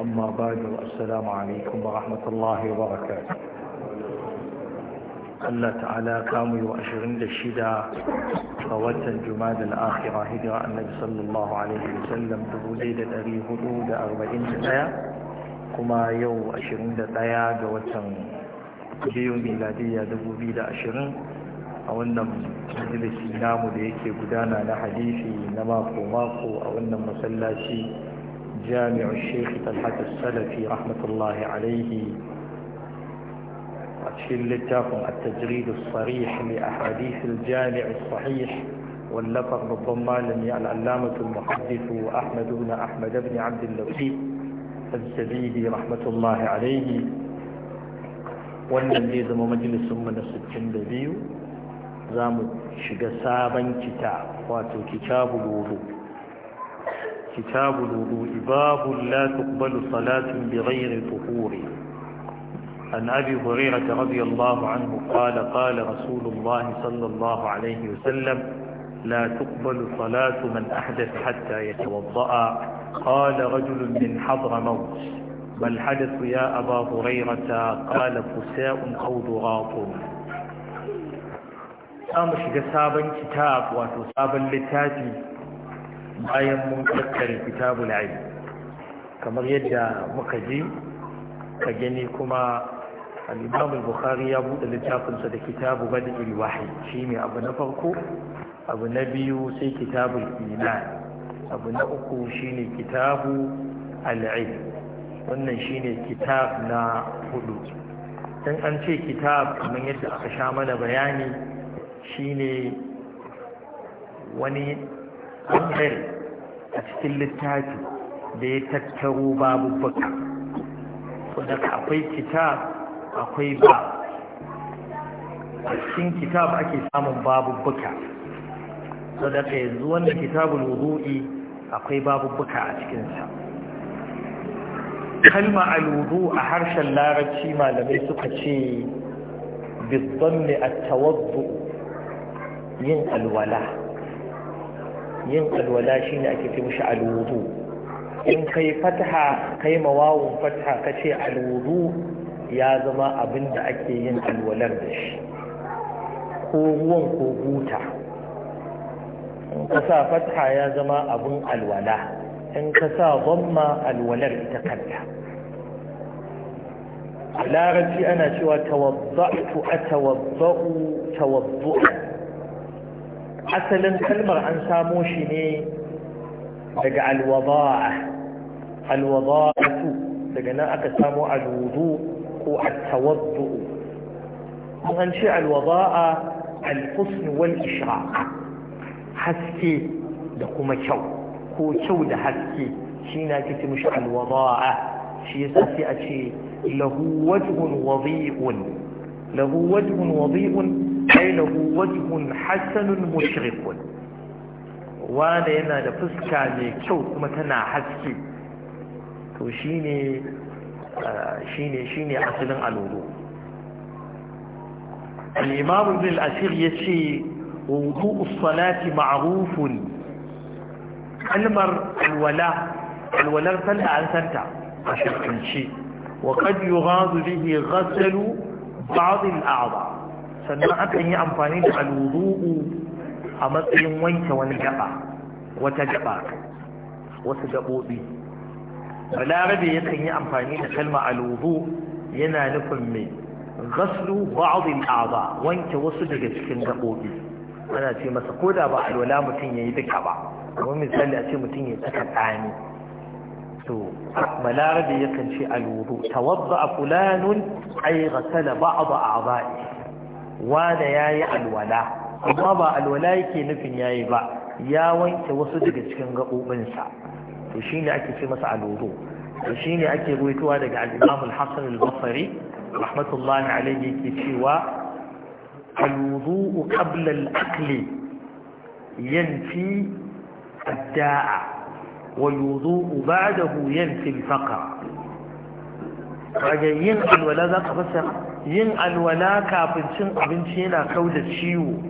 أما بعد السلام عليكم ورحمة الله وبركاته Allah ta'ala kamu yi wa ashirin da shida ga watan juma'a al'akhira hijira annabi sallallahu alaihi wa sallam dubu da ɗari hudu da arba'in da ɗaya kuma yau ashirin da ɗaya ga watan biyu miladiyya dubu biyu da ashirin a wannan majalisi namu da yake gudana na hadisi na mako mako a wannan masallaci جامع الشيخ طلحة السلفي رحمة الله عليه في التجريد الصريح لأحاديث الجامع الصحيح واللفظ بالضمان العلامة المحدث أحمد بن أحمد بن عبد اللطيف الزبيدي رحمة الله عليه والنبيذ زم مجلس من السجن بيو زام شقسابا كتاب واتو كتاب الوضوء كتاب الوضوء باب لا تقبل صلاة بغير طهور عن أبي هريرة رضي الله عنه قال قال رسول الله صلى الله عليه وسلم لا تقبل صلاة من أحدث حتى يتوضأ قال رجل من حضر موت ما الحدث يا أبا هريرة قال فساء أو ضغاط أمشي كتابا كتاب وتسابا لتاتي bayan mun kakkare kitabul ilm kamar yadda muka ji ka gani kuma al-imam bukhari ya buɗe littafinsa da kitabu badil wahyi shine abu na farko abu na biyu sai kitabul iman abu na uku shine kitabu al-ilm wannan shine kitab na hudu dan an ce kitab kamar yadda aka sha mana bayani shine wani ɓangare a cikin littafi da ya tattaro babu babubuka wadda akwai kitab akwai ba a cikin kitab ake samun babu babubuka wadda ka yanzu wannan kitabul wudu'i akwai babu babubuka a cikinsa kalma al-wudu a harshen larabci malamai suka ce bizon ne a tawaddu yin alwala yin alwala shine ake ce mishi alwudu in kai fataha kai mawawun fataha kace alwudu ya zama abin da ake yin alwalar da shi ko ruwan ko buta in ka sa fataha ya zama abin alwala in ka sa zamma alwalar ita kanta a larabci ana cewa tawazza'tu tawabba'u, tawabba'u. asalin kalmar an samo shi ne daga alwaba'a alwaba'atu daga nan aka samo alwudu ko altawaddu kun an ce alwaba'a alhusn wal isha haske da kuma kyau ko kyau da haske shi na kike mishi alwaba'a shi yasa sai a ce lahu wajhun wadhi'un lahu wajhun wadhi'un حينه وجه حسن مشرق وانا ينا لفسكا ميكو كمتنا حسكي تو شيني آه، شيني شيني حسنا الولو الإمام ابن الأسير يشي وضوء الصلاة معروف المر الولاء الولاء فلا أنسنت أشرك وقد يغاض به غسل بعض الأعضاء sannan akan yi amfani da alwudu'u a matsayin wanke wani gaba wata gaba wasu gabobi balarabe yakan yi amfani da kalma alwudu yana nufin mai gaslu ba'd al wanke wasu daga cikin gabobi ana ce masa ko da ba alwala mutum yayi duka ba Kuma misali a ce mutum ya saka tsani to balarabe yakan ce alwudu tawadda fulanun ay ghasala ba'd a'dha'i wada yayi alwala amma ba alwala yake nufin yayi ba ya wanke wasu daga cikin gaɓoɓinsa to shine ake ce masa alwudu to shine ake ruwaitowa daga al-Imam al-Hasan al-Basri rahmatullahi alayhi yake cewa alwudu qabla al-akli yanfi ad-da'a والوضوء بعده ينفي الفقر kaga yin alwala zaka ka yin alwala kafin cin abinci yana kau da ciwo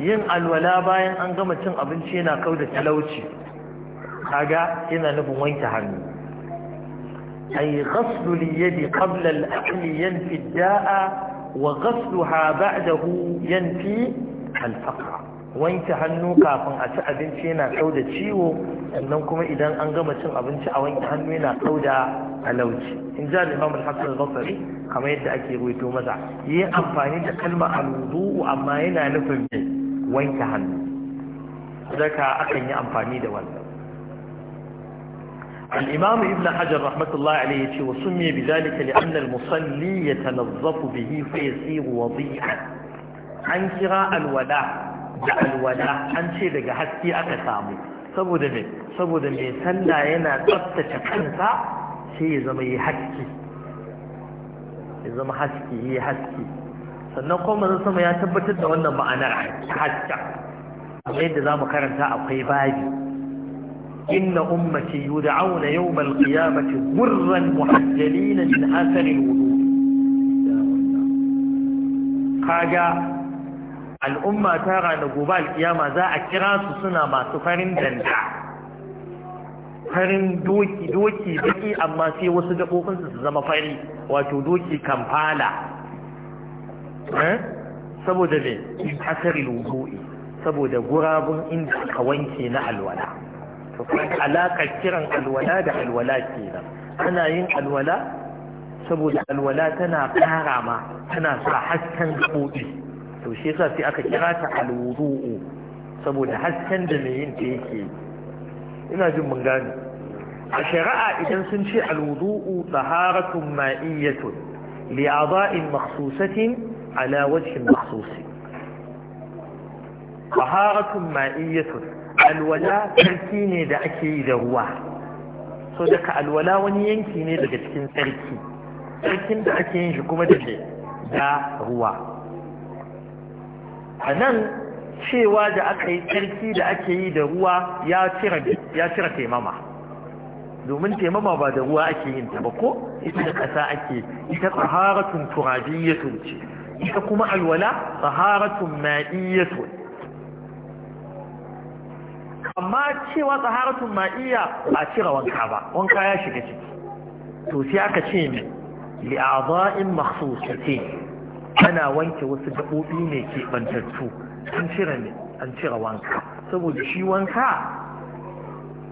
yin alwala bayan an gama cin abinci yana kau da talauci kaga yana nufin wanke hannu أي غسل اليد قبل الأكل ينفي الداء وغسلها بعده ينفي الفقر wanke hannu kafin a ci abinci yana kauda ciwo sannan kuma idan an gama cin abinci a wanke hannu yana kauda talauci in ja al-imam al-hasan al-basri kamar yadda ake ruwaito masa yi amfani da kalma alwudu amma yana nufin wanke hannu daga akan yi amfani da wannan الإمام ابن حجر رحمة الله عليه وسمي بذلك لأن المصلي يتنظف به فيصير وضيئا عن كراء الولاء الولاء عن شيء لك حتى أكسامه سبو دمي سبو دمي سلا ينا تبتش كنسا شيء زمي حكي ya zama haske yi haske sannan kuma mazan sama ya tabbatar da wannan ma'anar haske da za zamu karanta akwai babi inna ummati yud'auna yawmal qiyamati ghurran muhajjalina min athari wudu kaga al'umma ta rana gobe alkiyama za a kira su suna masu farin danda farin doki doki baki amma sai wasu gabobin su zama fari wato doki kamfala eh? saboda ne in hasari lubu'i saboda gurabun inda aka wanke na alwala to alaƙar kiran alwala da alwala kenan ana yin alwala saboda alwala tana fara ma tana sa hasken gabobi to shi yasa sai aka kira ta alwudu'u saboda hasken da mai yin ta yake ina jin mun gane a shari'a idan sun ce alwudu'u taharatun ma'iyyatun li a'dha'in makhsusatin ala wajhin makhsusi taharatun ma'iyyatun alwala tsarki ne da ake yi da ruwa so daga alwala wani yanki ne daga cikin tsarki tsarkin da ake yin shi kuma da da ruwa a nan cewa da aka yi tsarki da ake yi da ruwa ya cire taimama domin taimama ba da ruwa ake yin ta ba ko ita da ƙasa ake ita tsaharatun ya ce ita kuma alwala tsaharatun ma'iyyatun amma cewa tsaharatun ma'iyya ba a cire wanka ba wanka ya shiga ciki to sai aka ce mai li'aza'in makhsusatin ana wanke wasu gaɓoɓi ne ke bantattu an cire ne an cire wanka saboda shi wanka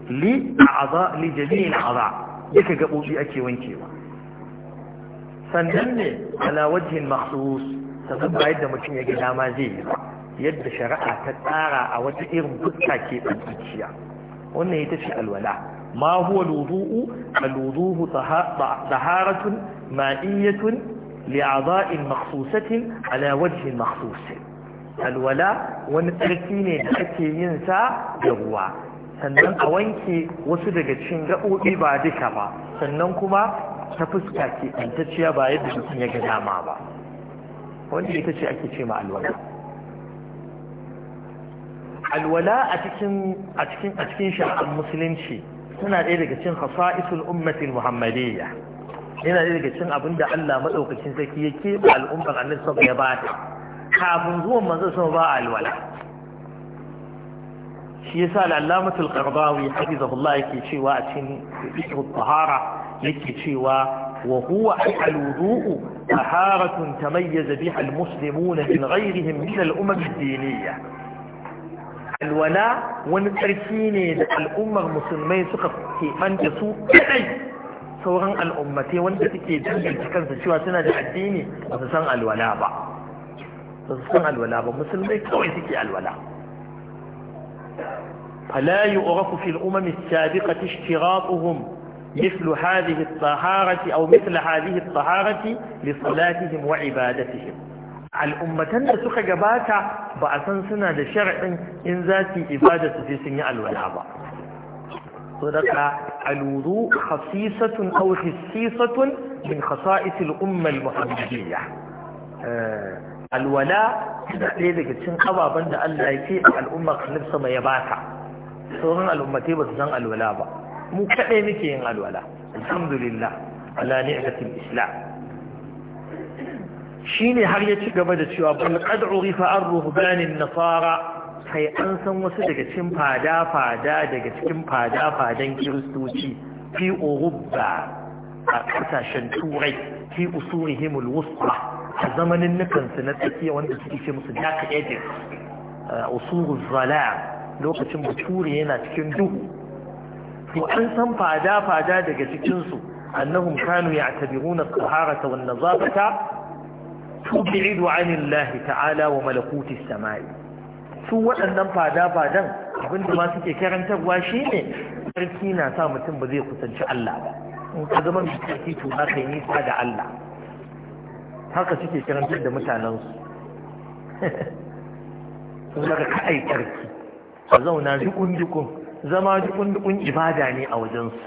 li a'za li jami'il a'za duka gabobi ake wankewa sannan ne ala wajhin makhsus sannan ba yadda mutum ya ga ma zai yadda shari'a ta tsara a wata irin fuska ke tsantsaciya wannan ita ce alwala ma huwa alwudu'u alwudu'u taharatun ma'iyyatun li'adha'in makhsusatin ala wajhin makhsusin alwala wani tsarki ne da ake yin sa da ruwa sannan a wanke wasu daga cikin gaɓoɓi ba duka ba sannan kuma ta fuska ke ɗantacciya ba yadda mutum ya ga dama ba wanda ita ce ake ce ma alwala alwala a cikin a cikin a cikin shari'ar musulunci suna ɗaya daga cikin khasa'isul ummatil muhammadiyya yana ɗaya daga cikin abinda Allah madaukakin sarki yake ba al'ummar annabi ya ta. kafin zuwa manzo sun ba a alwala shi yasa al-allama al-qardawi hafizahullah yake cewa a cikin ismu tahara yake cewa wa huwa al-wudu'u taharatun tamayyaza biha al-muslimuna min ghayrihim min al-umam ad-diniyya alwala wani tsarki ne da al'ummar musulmai suka keɓan da su kaɗai sauran al'ummatai wanda suke jirgin kansa cewa suna da addini ba su san alwala ba تنصنع الولاء ومسلم لا يتوعدك الولاء فلا يؤرخ في الأمم السابقة اشتراطهم مثل هذه الطهارة أو مثل هذه الطهارة لصلاتهم وعبادتهم الأمة تنسخ جباتا بأسنسنا لشرع إن ذات إبادة في سنع الولاء صدق الوضوء خصيصة أو خصيصة من خصائص الأمة المحمدية alwala da ɗaya daga cikin ababen da Allah ya ce a al'ummar kalif sama ya baka. sauran al'ummatai ba su san alwala ba mu kaɗai muke yin alwala alhamdulillah ala isla? islam shine har ya ci gaba da cewa bal qad urifa an na nasara kai an san wasu daga cikin fada-fada daga cikin fada-fadan kiristoci fi urubba a kasashen turai fi usurihimul wusta a zamanin nukansu na tsakiya wanda suke ce musu dark ages uh, usuru zala lokacin bature yana cikin duhu to an san fada-fada daga cikinsu annahum kanu ya tabiruna tsaharata wa nazafata tubi'idu anillahi ta'ala wa malakuti samai su waɗannan fada-fadan abinda ma suke karantarwa shine sarki na sa mutum ba zai kusanci Allah ba in ka zama mai sarki to za ka yi nisa da Allah haka suke karantar da mutanensu sun daga ka'ai karki a zauna dukun-dukun zama dukun-dukun ibada ne a wajensu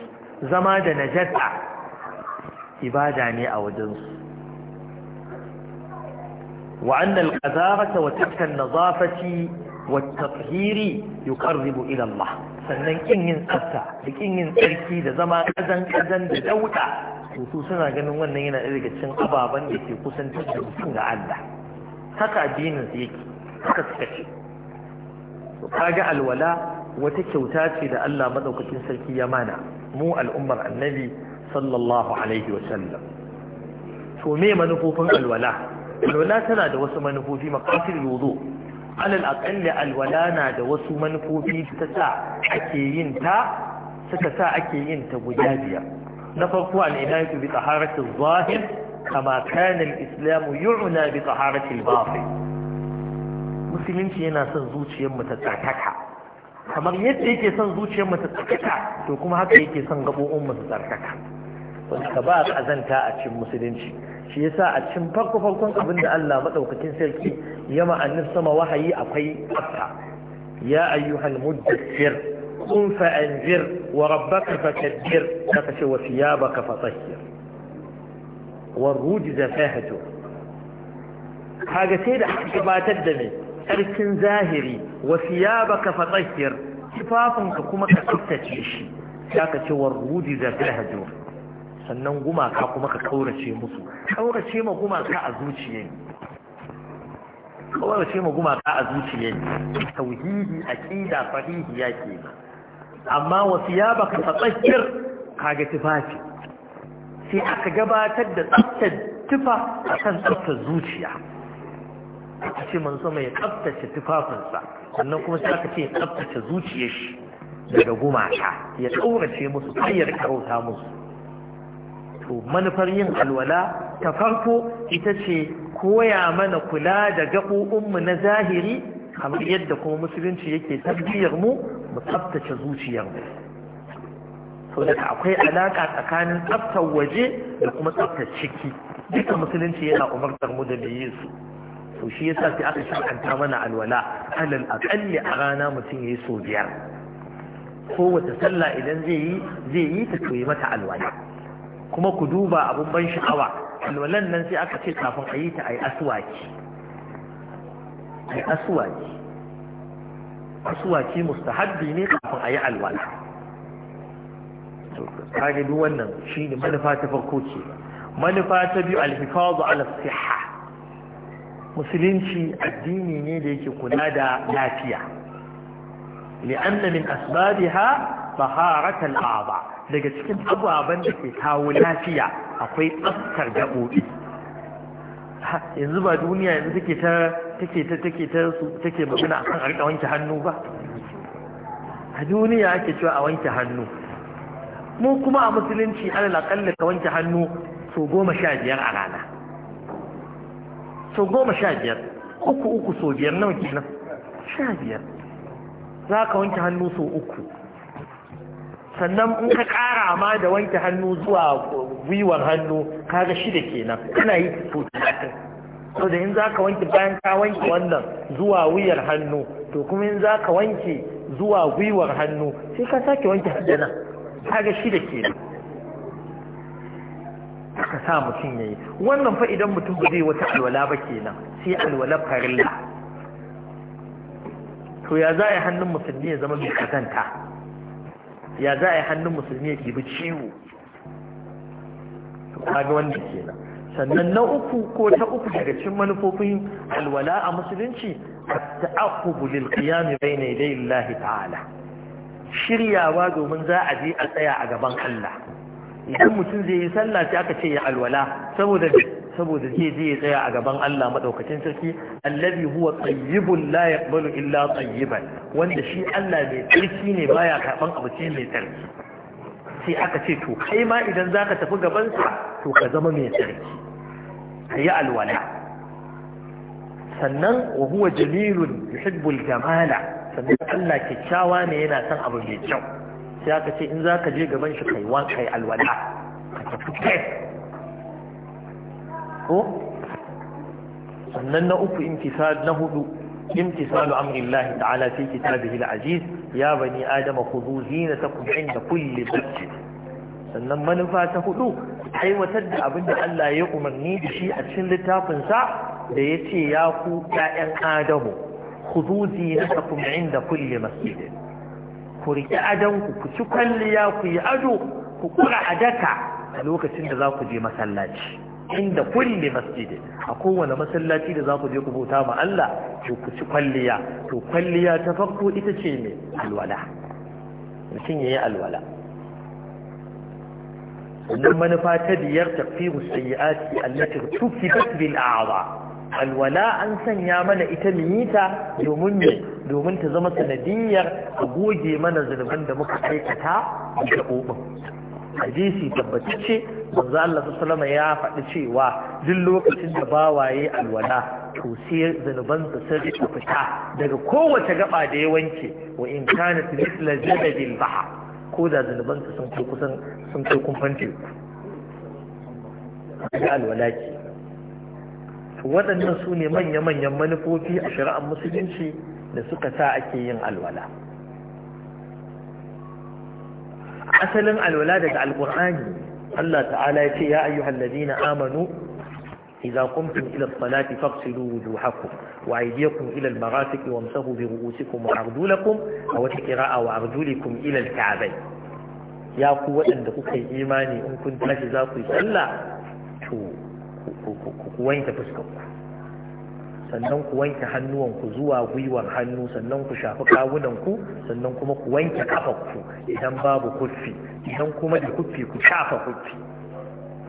zama da najata ibada ne a wajensu Wa'annan وأن القذارة وتلك النظافة والتطهير يقرب إلى ilallah. sannan kin yin tsafta da kin yin tsarki da zama ƙazan-ƙazan da dauta su suna ganin wannan yana daga cikin ababen da ke kusan da mutum ga Allah haka addinin su yake haka suka ce to kaga alwala wata kyauta ce da Allah madaukakin sarki ya mana mu al'ummar annabi sallallahu alaihi wa sallam to me manufofin alwala alwala tana da wasu manufofi maqasid wudu alal aqalli alwala na da wasu manufofi ta sa ake yin ta suka sa ake yin ta guda biyar zahir العناية بطهارة islamu كما كان الإسلام يعنى بطهارة الباطن مسلمين شينا سنزوتي يوم تتعتكها kamar yadda yake son zuciyar mu ta tsarkaka to kuma haka yake son gabobin mu su tsarkaka wanda ka ba kazanta a cin musulunci shi yasa a cin farko farkon abin da Allah madaukakin sarki ya ma'anin sama wahayi akwai tsafta ya ayyuhal muddathir قم فأنذر وربك فكبر كفش وثيابك فطهر والروجز فاهجر حاجة سيدة حاجة الدم أرسن ظاهري وثيابك فطهر شفافك كما كتبتش كفش والروجز فاهجر sannan gumaka kuma ka kaurace musu kaurace ma gumaka a zuciyayi kawai ce mu gumaka a zuciya ne tauhidi aqida sahihi yake ba amma ya ka tsakkir kaga tufafi sai aka gabatar da tsaftar tufa akan tsaftar zuciya aka ce manzo mai tsaftace tufafinsa sannan kuma sai aka ce tsaftace zuciyar shi daga gumaka ya tsaurace musu kayyar karauta musu to manufar yin alwala ta farko ita ce koya mana kula da gaɓoɓinmu na zahiri kamar yadda kuma musulunci yake tarbiyyar mu mu tsaftace zuciyar mu so akwai alaka tsakanin tsaftar waje da kuma tsaftar ciki duka musulunci yana umartar mu da biye su to shi yasa sai aka shakanta mana alwala alal akalli a rana mutum yayi so biyar kowace sallah idan zai yi zai yi ta koyi mata alwala kuma ku duba abun ban sha'awa alwalan nan sai aka ce kafin a yi ta a yi aswaki a yi aswaki aswaki mustahabbi ne kafin a yi alwala kage duk wannan shine manufa ta farko ce manufa ta biyu alhifazu ala siha musulunci addini ne da yake kula da lafiya li'anna min asbabiha taharatul a'dha daga cikin ababen da ke kawo lafiya akwai tsaftar gabobi yanzu ba duniya yanzu take ta take ta take ta take magana akan a rika wanke hannu ba a duniya ake cewa a wanke hannu mu kuma a musulunci alal akalla ka wanke hannu so goma sha biyar a rana so goma sha biyar uku uku so biyar nawa kenan sha biyar za ka wanke hannu so uku sannan in ka ƙara ma da wanke hannu zuwa gwiwar hannu kaga shida kenan kana yi to talatin to da in za ka wanke bayan ka wanke wannan zuwa wuyar hannu to kuma in za ka wanke zuwa gwiwar hannu sai ka sake wanke haddana kaga shida kenan ka sa mutum ya yi wannan fa idan mutum ba zai wata alwala ba kenan sai alwala farilla to ya za a yi hannun musulmi ya zama bai kazanta ya za a yi hannun musulmi ya ɗibi ciwo kaga wanda kenan sannan na uku ko ta uku daga cikin manufofin alwala a musulunci at-ta'aqqubu lil qiyam bayna yaday Allah ta'ala shiryawa domin za a je a tsaya a gaban Allah idan mutum zai yi sallah sai aka ce ya alwala saboda saboda zai je ya tsaya a gaban Allah maɗaukacin sarki allazi huwa tayyibun la yaqbalu illa tayyiban wanda shi Allah mai tsarki ne baya karban abu sai mai tsarki sai aka ce to kai ma idan zaka tafi gaban sa to ka zama mai tsarki kayi alwala sannan wa huwa jamilun yuhibbul jamala sannan Allah kyakkyawa ne yana son abu mai kyau sai aka ce in zaka je gaban shi kai wan kai alwala ka tafi ko sannan na uku imtisal na hudu امتثال أمر الله تعالى في كتابه العزيز يا بني آدم خذوا زينتكم عند كل مسجد sannan manufa ta hudu aiwatar da abin da Allah ya umarni da shi a cikin littafinsa da ya ce ya ku ƴaƴan Adamu khudhu zinatakum inda kulli masjid ku riƙi adanku ku ci kwalliya ku yi ado ku kura adaka a lokacin da za ku je masallaci inda kulle masjidi a kowane masallaci da za ku je ku bauta ma Allah to ku ci kwalliya to kwalliya ta farko ita ce ne alwala mutum yi alwala sannan manufa ta biyar tafiru sayyi'ati allati tufidat bil a'dha alwala an sanya mana ita limita domin domin ta zama sanadiyar a goge mana zunuban da muka aikata da gaɓoɓin hadisi tabbatacce manzo Allah sallallahu ya faɗi cewa duk lokacin da bawaye alwala to sai zanuban su sai su fita daga kowace gaba da ya wanke wa in kanat mithla jabadil bah ko da zanuban su sun kai kusan sun kai kumfan teku alwala waɗannan su ne manya-manyan manufofi a shari'ar musulunci da suka sa ake yin alwala asalin alwala daga alkur'ani Allah ta'ala ya ce ya ayyuhal ladina amanu idza qumtum ila as-salati faghsilu wujuhakum wa aydiyakum ila al-marafiqi wamsahu bi ru'usikum wa arjulakum aw qira'a wa arjulikum ila al-ka'bayn ya ku waɗanda kuka yi imani in kun tashi za ku yi sallah to ku wanke fuskar ku sannan ku wanke hannuwanku zuwa gwiwar hannu sannan ku shafi kawunanku sannan kuma ku wanke kafarku idan babu kuffi idan kuma da kuffi ku shafa kuffi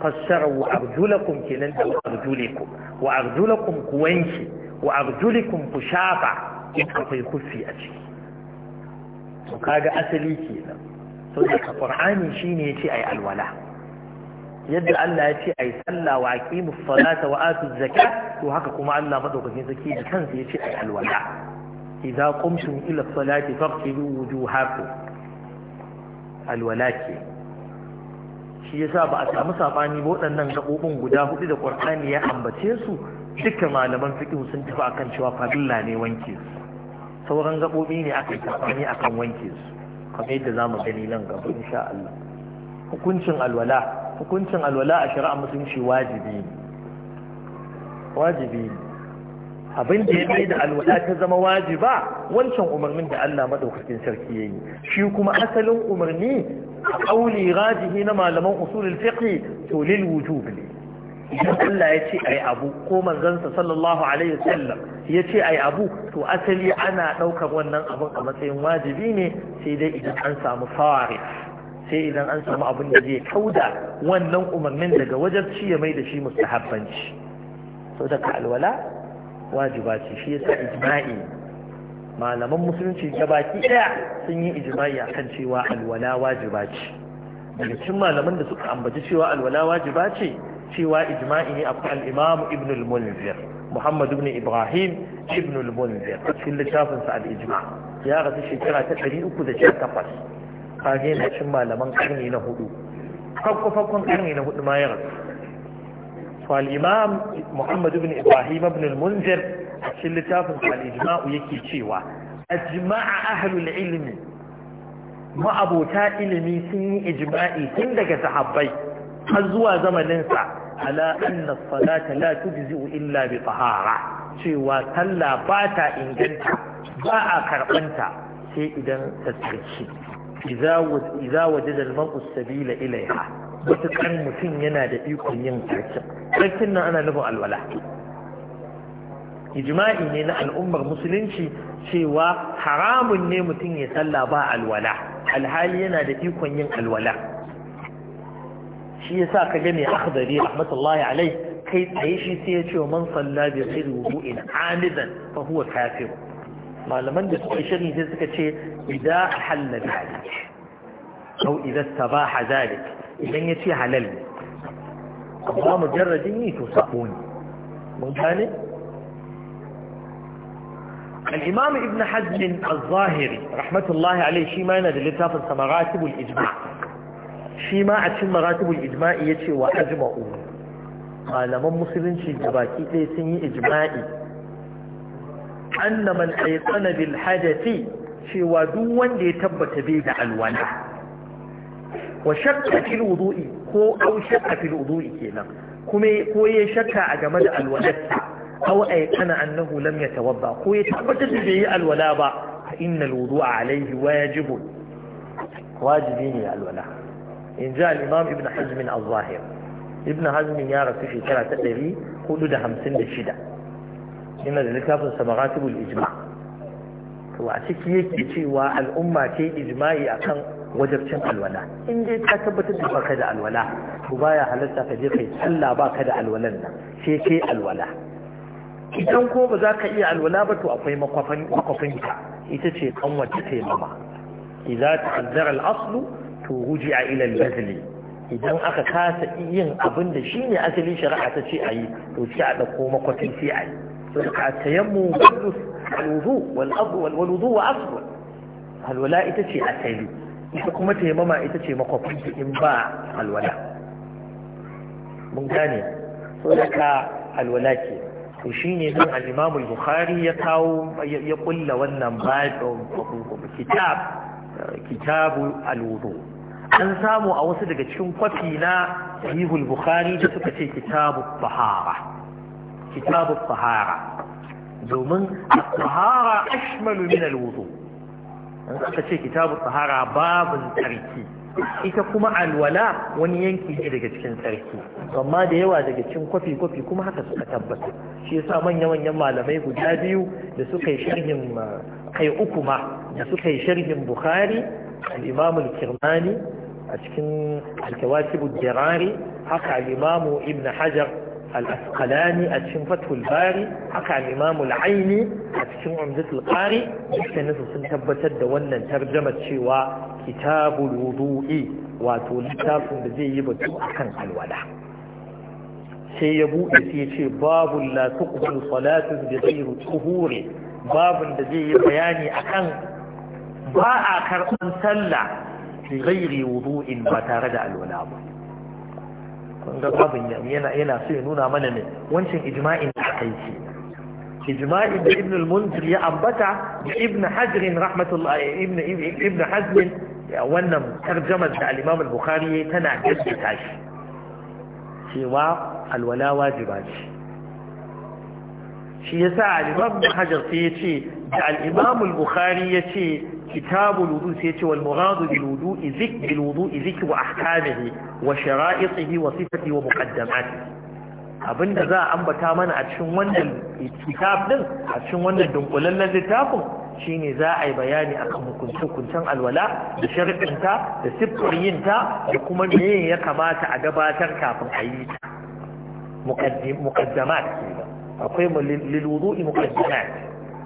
fassarahu arjulakum kenan da arjulikum wa arjulakum ku wanke wa arjulikum ku shafa in akwai kuffi a ciki to kaga asali kenan saboda qur'ani shine yace ai alwala yadda Allah ya ce ai sallah wa aqimus salata wa atuz zakat to haka kuma Allah madaukakin sarki da kansa ya ce ai alwala idza qumtum ila salati faghsilu wujuhakum alwala ke shi yasa ba a samu sabani ba waɗannan gabobin guda hudu da Qur'ani ya ambace su dukkan malaman fiqh sun tafi akan cewa fadilla ne wanke su sauran gabobi ne aka sabani akan wanke su kamar yadda zamu gani nan gaba insha Allah hukuncin alwala hukuncin alwala a shari'a musulunci wajibi wajibi abin da ya da alwala ta zama wajiba wancan umarnin da Allah madaukakin sarki ya yi shi kuma asalin umarni a kauli rajihi na malaman usulul fiqh to lil wujub ne idan Allah ya ce ai abu ko manzansa sallallahu alaihi wasallam ya ce ai abu to asali ana daukar wannan abin a matsayin wajibi ne sai dai idan an samu fawari sai idan an samu abin da zai kauda wannan umarnin daga wajen ci ya mai da shi mustahabbanci sau da alwala wajiba ce shi yasa ijma'i malaman musulunci gabaki daya sun yi ijma'i kan cewa alwala wajiba ce daga malaman da suka ambaci cewa alwala wajiba ce cewa ijma'i ne akwai al-imam ibn al-munzir muhammad ibn ibrahim ibn al-munzir cikin littafinsa al-ijma' ya rasu shekara ta 318 kage na cin malaman karni na hudu fakko karni na hudu ma yaro to al-imam muhammad ibrahim ibn a cikin littafin al yake cewa ijma'a ahli al-ilm ma ilimi sun yi ijma'i tun daga sahabbai har zuwa zamanin sa ala anna as-salata la tujzi illa bi tahara cewa sallah ba ta inganta ba a karbanta sai idan ta tsarki iza waje da mar'u sabila ilaiha matuƙar mutum yana da ikon yin tsarkin tsarkin nan ana nufin alwala ijma'i ne na al'ummar musulunci cewa haramun ne mutum ya salla ba alwala alhali yana da ikon yin alwala shi yasa ka ga mai akhdari rahmatullahi alai kai tsaye shi sai ya ce man salla bi ghairi wudu'in amidan fa huwa kafir malaman da suke shirin sai suka ce idan halal ne ko idan sabaha zalik idan yace halal ne amma mujarradin yi to sabo ne mun gane al-imam ibn hazm al-zahiri rahmatullahi alayhi shi ma yana da littafin samaratib al-ijma shi ma a cikin maratib al-ijma yace wa ajma'u malaman musulunci gabaki ɗaya sun yi ijma'i anna man ayqana bil hadathi cewa duk wanda ya tabbata bai da alwala wa shakka fil wudu'i ko au shakka fil wudu'i kenan kuma ko ya shakka a game da alwalarsa aw ayqana annahu lam yatawadda ko ya tabbata bai yi alwala ba fa innal wudu'a alayhi wajibun wajibi ne alwala in ja al-imam ibn hazm al-zahir ibn hazm ya rasu shekara ta 456 yana da littafin samaratibul ijma to a ciki yake cewa al'umma ce ijma'i akan wajabcin alwala in dai ka tabbatar da baka da alwala to baya halatta ka je kai sallah baka da alwalan nan sai kai alwala idan ko ba za ka iya alwala ba to akwai makwafin makwafinta ita ce kanwar ta taimama idza ta'azzara al-aslu to ruji'a ila al idan aka kasa yin abin da shine asalin shari'a ta ce ayi to sai a dauko makwatin sai ayi فبقى التيمم تحدث الوضوء والوضوء والوضوء أفضل الولاء تشي أتيمي ita ce mama ita ce makwafinta in ba alwala mun gane so ka alwala ke to shi ne don al'imamu bukhari ya kawo wannan bayan kitab kitabu alwudu an samu a wasu daga cikin kwafi na yihul bukhari da suka ce kitabu fahara كتاب الطهارة دومن الطهارة أشمل من الوضوء أنت كتاب الطهارة باب تركي ita kuma alwala wani yanki ne daga cikin tsarki amma da yawa daga cikin kwafi kwafi kuma haka suka tabbata shi yasa manya manyan malamai guda biyu da suka yi sharhin kai uku ma da suka yi sharhin bukhari al-imam al-kirmani a cikin al dirari haka al-imam ibn hajar Al'askalani a cikin fathul bari haka al aini a cikin umdatul qari dukkanin sun tabbatar da wannan tarjama cewa kitabul wudu'i wato littafin da zai yi batu akan alwala sai ya buɗe sai ya ce babu la tuqbalu salatu bi ghairi babun da zai yi bayani akan ba a sallah bi ghairi wudu'in ba tare da alwala ba kun ga babin yana yana so ya nuna mana ne wancan ijma'in da aka yi ijma'in da ibn al-munzir ya ambata da ibn hajr rahmatullahi ibn ibn hazm wannan tarjamar da al-imam al-bukhari tana gaskata shi cewa alwala wajiba ce shi yasa al-imam hajar sai ya ce da al-imam al-bukhari ya ce kitabul wudu sai ce wal muradu bil wudu'i zik bil wudu'i zik wa ahkamihi wa shara'ihi wa sifati wa muqaddamatihi abinda za a ambata mana a cikin wannan kitab din a cikin wannan dunkulallen littafin shine za a yi bayani akan hukunce-hukuncen alwala da sharɗinta da siffirinta da kuma me ya kamata a gabatar kafin a yi ta muqaddamat akwai lilwudu'i muqaddamat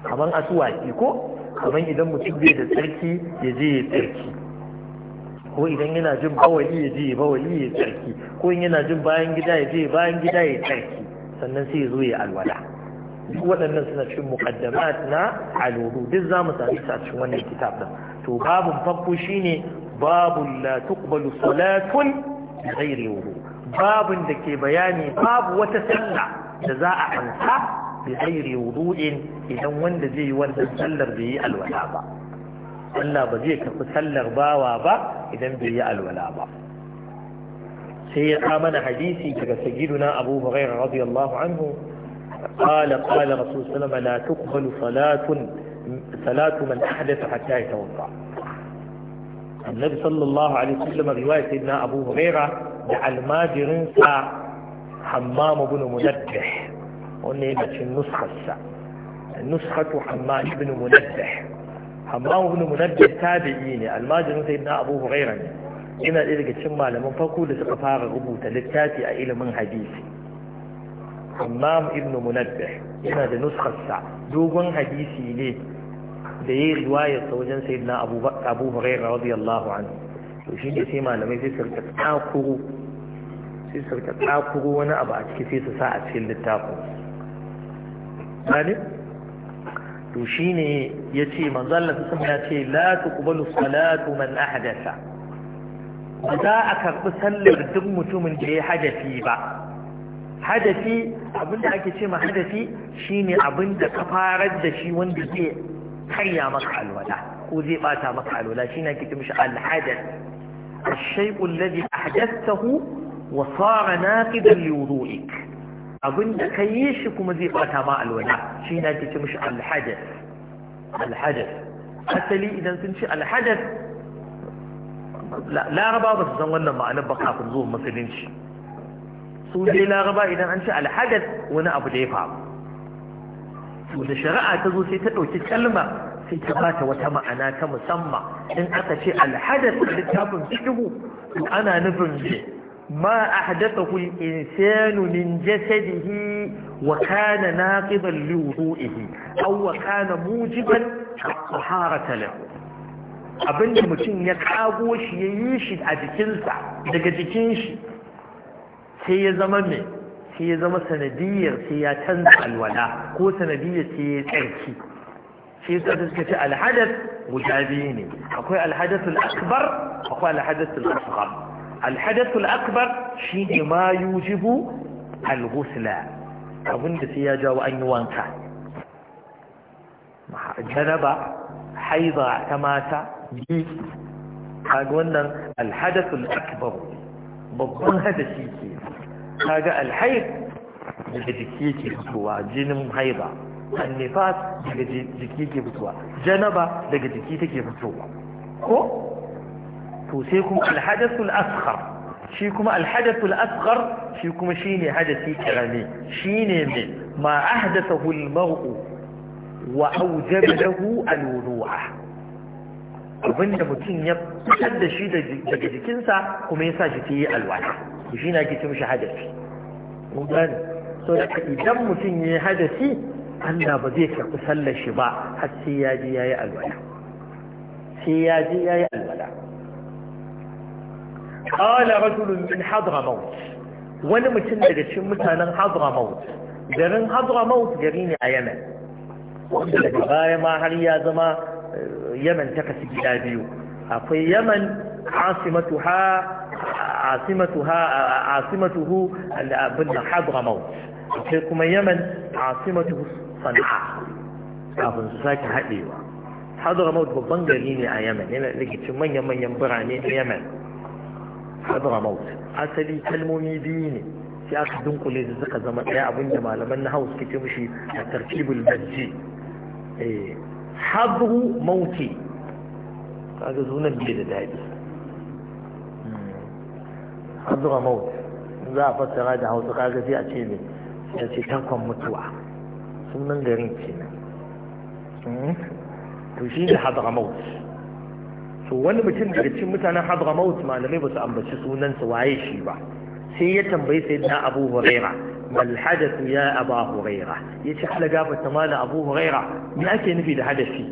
kaman asuwaki ko kamar idan mutum bai da tsarki ya je ya tsarki ko idan yana jin bawali ya je bawali ya tsarki ko in yana jin bayan gida ya je bayan gida ya tsarki sannan sai ya zo ya alwala duk waɗannan suna cikin muqaddamat na alwudu duk za mu sami sacin a cikin wannan kitab din to babun farko shine babu la tuqbalu salatun ghairi wudu babun da ke bayani babu wata sallah da za a ansa bi ghairi wudu'in idan wanda zai yi wannan sallar bai yi alwala ba Allah ba zai karɓi sallar bawa ba idan bai yi alwala ba sai ya kama da hadisi daga sayyiduna Abu Hurairah radiyallahu anhu قال قال رسول الله صلى لا تقبل صلاة صلاة من أحدث حتى يتوضأ النبي صلى الله عليه وسلم رواية سيدنا أبو هريرة دع الماجرين حمام بن مدبح ونيمة النسخة السا النسخة حماش بن منبح حماه بن منبح تابعيني الماجر سيدنا أبوه غيرني إنا إذا كتشم معلم فقول هذا غبوتا للتاتي إلى من حديثي حمام ابن منبح إنا ذا نسخة السا دوغن حديثي لي ذي رواية سوجن سيدنا أبو بك أبو غير رضي الله عنه وشين يسي معلم يسي سرقة تاكو سي سرقة تاكو وانا أبعد كيفي سساعد في اللي تاكو misali to shine yace manzo Allah sun ya ce la tuqbalu salatu man ahdatha ba za a karbi sallar duk mutumin da ya hadafi ba hadafi abinda ake ce ma hadafi shine abinda ka farar da shi wanda zai karya maka alwala ko zai bata maka alwala shine ake ce mishi alhadath الشيء الذي أحدثته وصار ناقدا لوضوئك abin da ka yi shi kuma zai bata ma alwala shi na ke ce mishi alhadas alhadas asali idan sun ce alhadas laraba ba su san wannan ma'anar ba kafin zuwa musulunci su dai laraba idan an ce alhadas wani abu da ya faru to da shari'a ta zo sai ta ɗauki kalma sai ta bata wata ma'ana ta musamman in aka ce alhadas a littafin fiqhu to ana nufin ما أحدثه الإنسان من جسده وكان ناقضا na أو وكان موجبا الطهارة له abin da mutum ya kago shi ya yi shi a jikinsa daga jikin shi sai ya zama mai sai ya zama sanadiyar sai ya canza alwala ko sanadiyar sai ya tsarki sai ya tsarki suka ce alhadas guda biyu ne akwai alhadasul akbar akwai alhadasul asghar alhadathul akbar shi ne ma yujibu alghusla abinda sai ya jawo an yi wanka janaba haiza ta mata biki kaga wannan alhadathul akbar babban hadasi ke kaga alhaid daga jiki ke fitowa jinin haiza annifas daga jiki ke fitowa janaba daga jiki take fitowa ko to sai kuma alhadathul asghar shi kuma alhadathul asghar shi kuma shine hadasi karami shine me ma ahdathahu al-mar'u wa awjaba lahu al-wudu'a abinda mutum ya fitar da shi daga jikinsa kuma ya sa shi ta yi alwala shi na gicin shi hadasi mun gane so da idan mutum ya yi hadasi Allah ba zai karɓi sallar shi ba har sai ya ji ya yi alwala sai ya ji ya yi alwala qala rajulun min hadramaut wani mutum daga cikin mutanen hadramaut garin hadramaut gari ne a yamen wanda daga baya ma har ya zama yamen ta gida biyu akwai yamen asimatuha asimatuha asimatuhu abin da hadramaut akwai kuma yamen asimatuhu sana'a kafin su sake haɗewa hadramaut babban gari ne a yamen yana daga cikin manyan manyan birane a yamen قدر موت أسلي كلموني ديني في أكد دنكو ليس زكا زمان يا أبو إنما لما نهوز كتيمشي التركيب المجي إيه. حظه موتي هذا زون البيض دائد حظه موت إذا أفضت غادي حوز قاعدة في أتيني يأتي تنكو متوع ثم نغرين تينا توشيني حظه موت to wani mutum daga cikin mutanen hadramaut malamai ba su ambaci sunansa waye shi ba sai ya tambayi sayyidina abu huraira mal hadathu ya aba huraira yace hala gafarta mala abu huraira me ake nufi da hadasi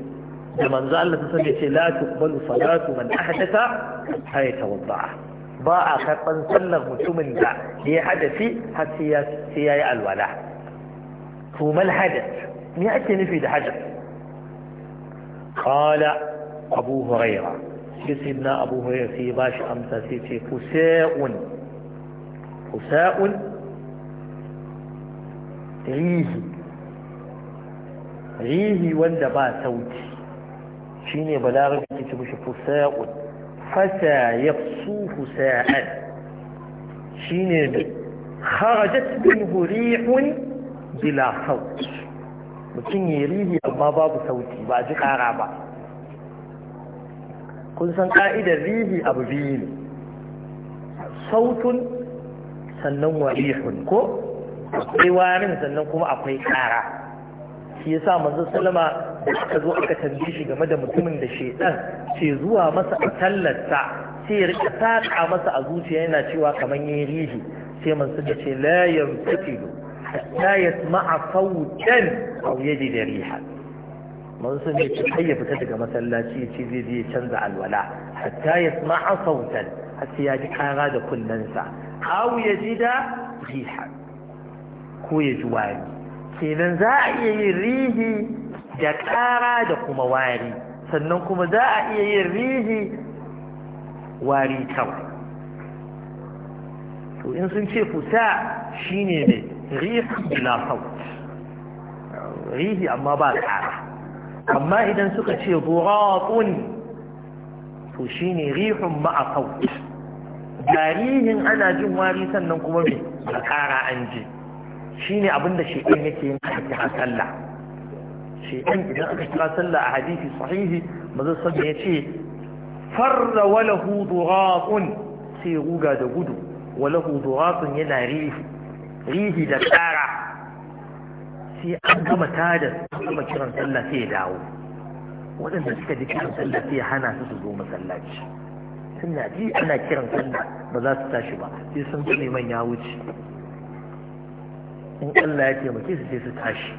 da manzo Allah ta sani ce la tuqbalu salatu man ahdatha hatta yatawadda ba a karban sallar mutumin da ya hadasi har sai ya sai yayi alwala to mal hadath me ake nufi da hadath qala abu huraira sai sai na abu hurairu sai ba shi amsa sai ce fusa'un fusa'un rihi rihi wanda ba sauti shine balarabi ke ce mishi fusa'un fasa yafsu fusa'an shine ne kharajat minhu bila sauti mutum yi rihi amma babu sauti ba ji kara ba kun san ka'idar rihi abu biyu ne sautun sannan wa'ihun ko akwai warin sannan kuma akwai ƙara shi sa manzo salama da aka zo aka tambaye shi game da mutumin da shaidan ce zuwa masa a tallata sai ya rika saƙa masa a zuciya yana cewa kamar yin rihi sai manzo da ce la yantaqilu hatta yasma'a sautan aw yajid rihan man san ya ya fita daga masallaci ya zai canza alwala hatta ya sma'a sautan hatta ya ji kara da kunnensa aw ya ji da riha ko ya ji wari kenan za a iya yin rihi da kara da kuma wari sannan kuma za a iya yin rihi wari kawai to in sun ce fusa shine ne rihi bila saut rihi amma ba ƙara. amma idan suka ce buraqun to ne rihun ma'a saut ana jin wari sannan kuma me da kara an ji shine abinda shekan yake yin a sallah shekan idan aka kira sallah a hadisi sahihi manzo sallallahu ya ce farra walahu duraqun sai ruga da gudu walahu duraqun yana rihi rihi da ƙara. sai an gama tada gama kiran sallah sai ya dawo waɗanda suka ji kiran sallah sai ya hana su su zo masallaci suna ji ana kiran sallah ba za su tashi ba sai sun ji neman ya wuce in Allah ya taimake su sai su tashi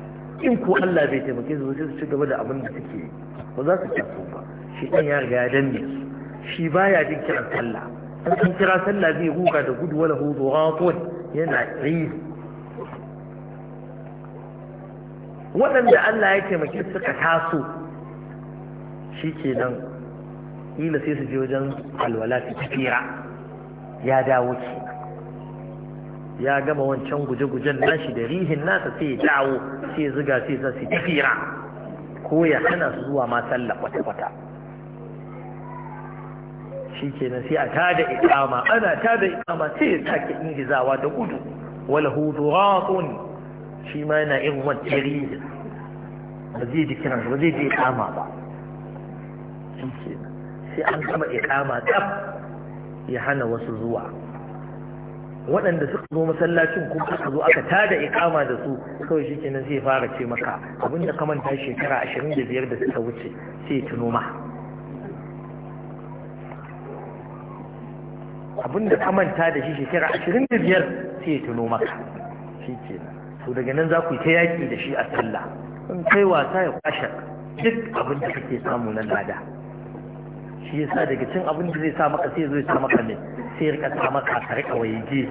in ko Allah bai taimake su sai su ci gaba da abin da suke ba za su taso ba shi dan ya riga ya danne su shi baya jin kiran sallah an kira sallah zai huka da gudu wala hudu yana yi waɗanda Allah ya taimake suka taso shi ke nan ila sai su je wajen alwala su tafira ya dawo ke ya gama wancan guje-gujen nashi da rihin nasa sai ya dawo sai ya ziga sai za su tafira ko ya hana su zuwa ma sallah kwata-kwata shi ke nan sai a tada ikama ana tada ikama sai ya sake ingizawa da gudu wala hudu ratun shi ma yana irin wancan riya ba zai ji kiran ba zai ji kama ba sai an gama ikama tsaf ya hana wasu zuwa waɗanda suka zo masallacin kuma aka zo aka tada ikama da su kawai shi kenan zai fara ce maka abinda ka manta shekara ashirin da biyar da suka wuce sai tuno ma abinda ka manta da shi shekara ashirin da biyar sai tuno maka shi kenan to daga nan za ku yi ta yaƙi da shi a sallah in kai wasa ya kwashe duk abin da kake samu na lada shi yasa daga cin abin da zai sa maka sai zai sa maka ne sai rika sa maka ka rika waige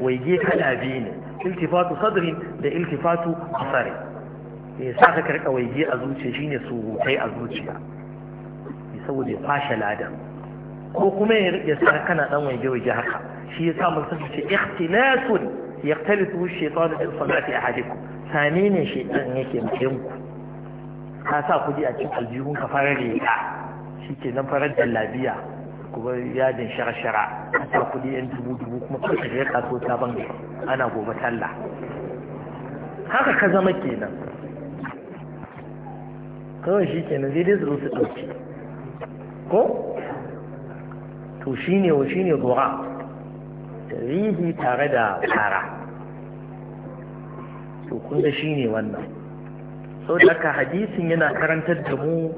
waige kala biyu ne iltifatu sadrin da iltifatu asari ya sa ka rika waige a zuciya shine surutai a zuciya saboda ya kwashe lada. ko kuma ya sa kana dan waige waige haka shi yasa mun san ce ikhtilasun yaktalisu shaytanu fi salati ahadikum sami ne shaytan yake mutum ku ka sa kuɗi a cikin aljihun ka fara farar riga nan farar da labiya ku bar yadin shara-shara a sa kuɗi yan dubu dubu kuma ka je kaso sabon ana gobe talla haka ka zama kenan kawai shi kenan zai dai su su ɗauki ko to shine wa shine gora Tarihi tare da kara to kun shi ne wannan sau da aka hadisin yana karantar da mu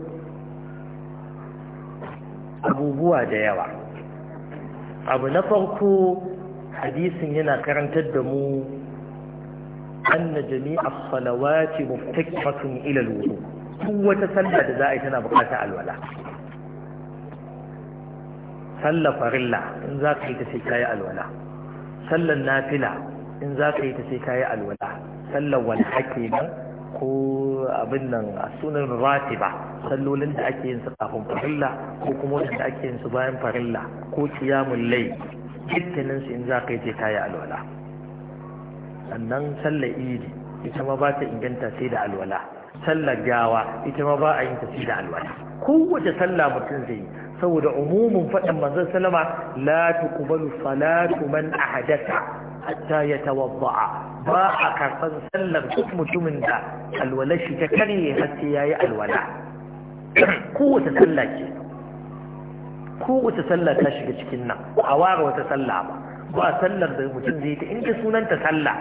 abubuwa da yawa abu na farko hadisin yana karantar da mu anna jami'a salawati muftakkiratun ila alwudu duk wata sallah da za a yi tana bukatar alwala sallah farilla in za ka yi ta sai kayi alwala sallan nafila in za ka yi ta sai ka yi alwala sallan ake nan ko abin nan a sunan ba sallolin da ake yin su kafin farilla ko kuma wanda ake yin su bayan farilla ko kiyamun lai dukkanin su in za ka yi sai ka yi alwala sannan sallar iri ita ma ba ta inganta sai da alwala sallar gawa ita ma ba a yin ta sai da alwala kowace sallah mutum zai yi saboda umumin faɗin manzon salama la tuqbalu salatu man ahdatha hatta yatawadda'a ba a karɓar sallar duk mutumin da alwala shi ta karye har sai yayi alwala kowace sallah ce kowace sallah ta shiga cikin nan a ware wata sallah ba ba sallar da mutum zai ta inda ta sallah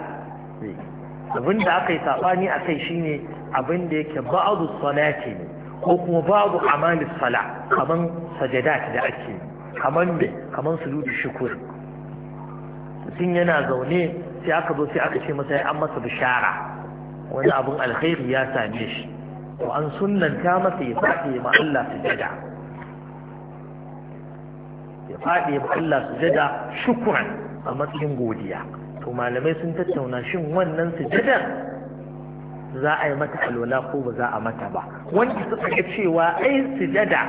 abin da aka yi saɓani a kai shine abin da yake ba'adu salati ne ko kuma babu amalis sala kaman sajadat da ake kaman me kaman suludu shukuri mutum yana zaune sai aka zo sai aka ce masa an masa bishara wani abun alkhairi ya same shi to an sunnanta masa ya faɗi ma Allah sujada ya faɗi ma Allah sujada shukran a matsayin godiya to malamai sun tattauna shin wannan sujadar za a yi mata alwala ko ba za a mata ba wanda suka ga cewa ai sujada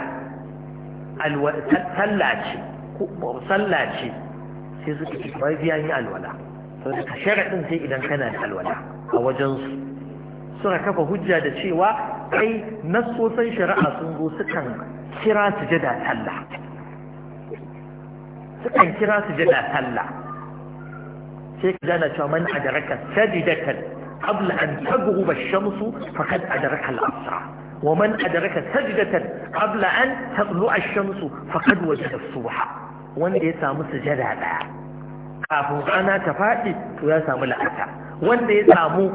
sallaci sallaci sai suka ce ba biya yi alwala saboda ka sharaɗin sai idan kana da alwala a wajensu suka kafa hujja da cewa ai nassosan shari'a sun zo sukan kira sujada sallah sukan kira sujada sallah sai ka gana cewa man adraka sajidatan قبل أن تغرب الشمس فقد أدرك الأسرع ومن أدرك سجدة قبل أن تطلع الشمس فقد وجد الصبح يسام سجدة ta faɗi ya samu wanda ya samu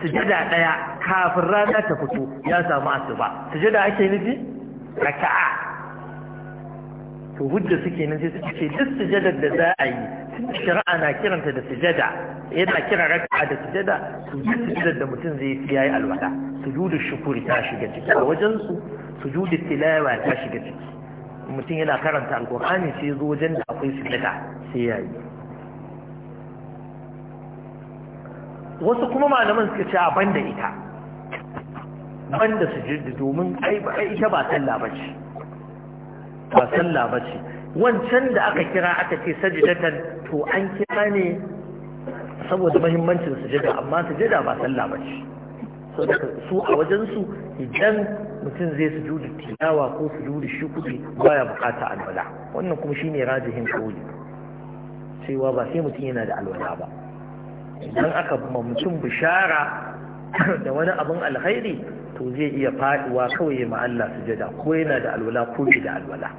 sujada ɗaya kafin rana ta fito ya samu asuba sujada ake nufi raka'a to hujja suke nan sai suka ce duk sujadar da za a yi shari'a na kiranta da sujada yana kira raka'a da sujada to duk sujadar da mutum zai yi yayi alwala sujudu shukuri ta shiga ciki a wajen su sujudu tilawa ta shiga ciki mutum yana karanta alkur'ani sai zo wajen da akwai sujada sai yayi wasu kuma malaman suka ce a banda ita banda sujudu domin ai ita ba sallah bace ba sallah ba ce wancan da aka kira aka ce sajidatan to an kira ne saboda mahimmancin sujada amma sujada ba sallah ba ce su a wajensu idan mutum zai sujudu tilawa ko sujudu shukuri baya bukata alwala wannan kuma shine rajihin kauli cewa ba sai mutum yana da alwala ba idan aka ma mutum bishara da wani abin alkhairi to zai iya faɗuwa kawai ma Allah sujada ko yana da alwala ko bai da alwala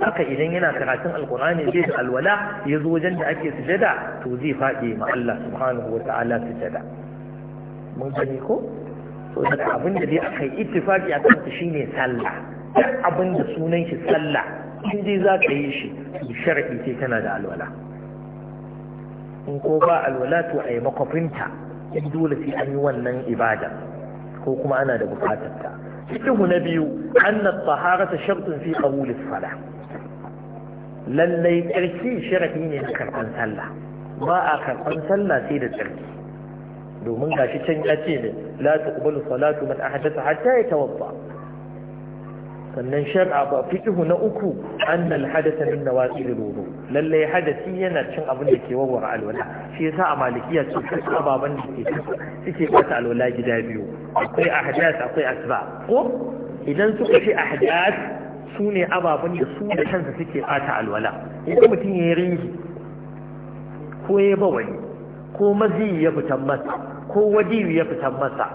haka idan yana karatun alkur'ani zai da alwala ya zo wajen da ake sujada to zai faɗi ma Allah subhanahu wa ta'ala sujada mun gani ko to daga abin da dai aka yi ittifaki a kansa shine sallah duk abin da sunan shi sallah in dai za ka yi shi shar'i sai kana da alwala in ko ba alwala to a yi makwafinta in dole sai an yi wannan ibada ko kuma ana da ta. fikihu na biyu anna taharata shartun fi qabul as-salah lallai tsarki sharafi ne na karɓar sallah ba a karɓar sallah sai da tsarki domin gashi can ya ce ne la tuqbalu salatu man ahdatha hatta yatawadda sannan shar'a ba fiqhu na uku anna al-hadatha min nawaqil al-wudu lalle hadasi yana cin abin da ke wawar alwala shi yasa a malikiya su su da ke suke kwata alwala gida biyu akwai ahdath akwai asba ko idan suka ce ahdath su ne ababen da su da kansa suke bata alwala idan mutum ya yi ko ya ba wani ko mazi ya fitan masa ko wadi ya fitan masa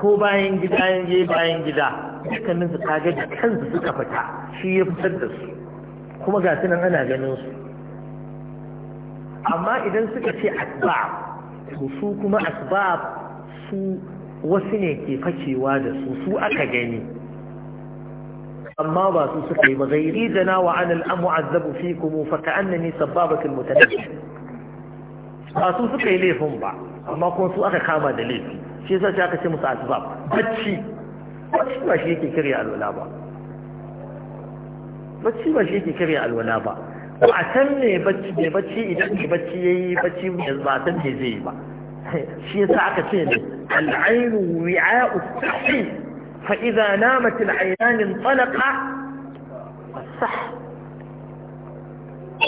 ko bayan gida ya yi bayan gida dukkanin su ta gaji kansu suka fita shi ya fitar da su kuma ga ana ganin su amma idan suka ce asbab to su kuma asbab su wasu ne ke fakewa da su su aka gani amma ba su suka yi ba gairi jana wa anil amu'azzabu fikum fa ka'annani sababatul mutane ba su suka yi laifin ba amma kuma su aka kama da laifi shi yasa aka ce musu asbab bacci bacci ba shi yake kirya alwala ba bacci ba shi yake kirya alwala ba ba a san me bacci me bacci idan me bacci yayi bacci me ba san me zai yi ba shi yasa aka ce ne al'ainu wi'a'u tahsin فإذا نامت العينان انطلقا والصح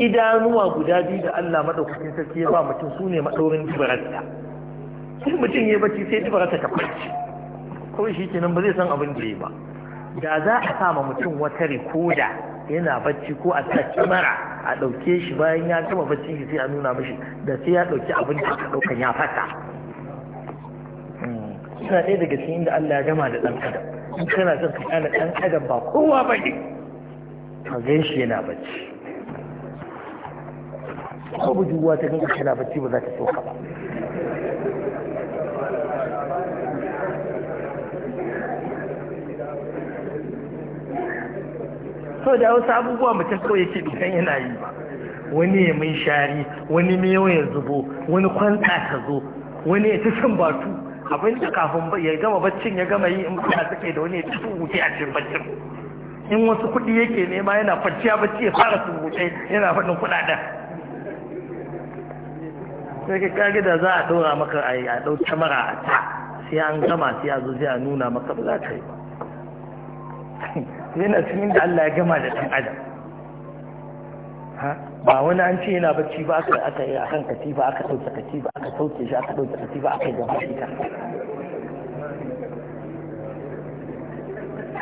idanuwa guda biyu da Allah madaukakin sarki ya ba mutum su ne maɗaurin dubararsa sai mutum ya bacci sai dubararsa ta farci kawai shi nan ba zai san abin da ya ba da za a sama mutum wata rikoda yana bacci ko a sa kyamara a ɗauke shi bayan ya gama bacci sai a nuna mishi da sai ya ɗauki abin da ka ɗaukan ya fata. suna ɗaya daga cikin inda Allah ya gama da ɗan adam in kana son ka kana ɗan adam ba kowa ba ne a gan shi yana bacci ko bujuwa ta ganka kana bacci ba za ta sauka ba so da wasu abubuwa mutum kawai yake dukan yana yi ba wani ya mai shari wani mewa ya zubo wani kwanta ta zo wani ya ta san batu da kafin ya gama baccin ya gama yi in kuna suke da wani ya ci wuce a cikin baccin in wasu kuɗi yake nema yana kwanciya bacci ya fara wuce yana faɗin kuɗaɗen sai ka kage da za a ɗora maka a a ɗau tamara a ta sai an gama sai a zo sai a nuna maka ba za ka yi ba yana cikin da Allah ya gama da ɗan adam ba wani an ce yana bacci ba aka aka yi akan katifa aka sauke katifa aka sauke shi aka sauke katifa aka yi gaba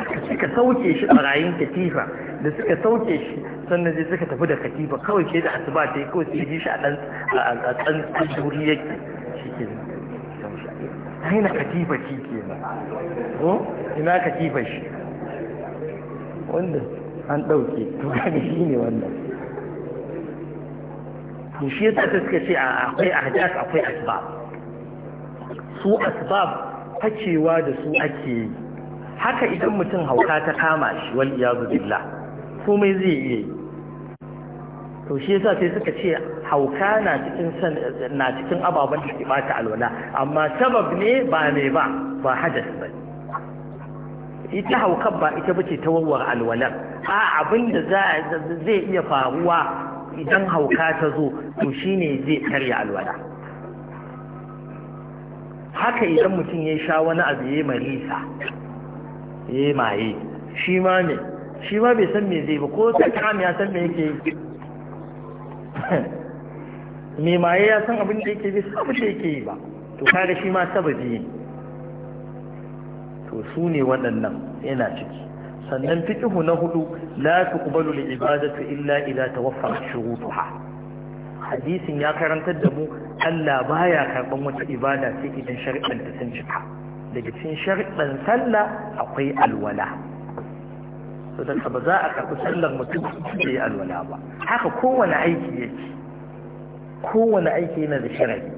ita suka sauke shi a barayin katifa da suka sauke shi sannan sai suka tafi da katifa kawai ke da asuba ta yi kawai sai ji shi a ɗan a tsan duri yake shi ke aina katifa shi ke ko ina katifa shi wanda an ɗauke to gani shi ne wannan to shi yasa ta suka ce akwai ahdas akwai asbab su asbab fakewa da su ake yi haka idan mutum hauka ta kama shi wal iyazu billah komai zai iya yi to shi yasa sai suka ce hauka na cikin na cikin ababen da ke bata alwala amma sabab ne ba ne ba ba hadas ba ita Hauka ba ita bace ta warware alwalar a abinda da zai iya faruwa idan hauka ta zo to shine zai karya alwala haka idan mutum ya sha wani abu ya marisa ya maye shi ma ne shi ma bai san me zai ba ko ta kame ya san me yake yi me maye ya san abin da yake bisa abin da yake yi ba to kada shi ma sabaji ne to su ne waɗannan yana ciki sannan fiqhu na hudu la tuqbalu lil ibadatu illa idza tawaffara shurutuha hadisin ya karantar da mu Allah baya karban wata ibada sai idan shari'an ta sun cika daga cikin shari'an sallah akwai alwala saboda ba za a karɓi sallar mutum da ya alwala ba haka kowane aiki yake kowane aiki yana da shari'a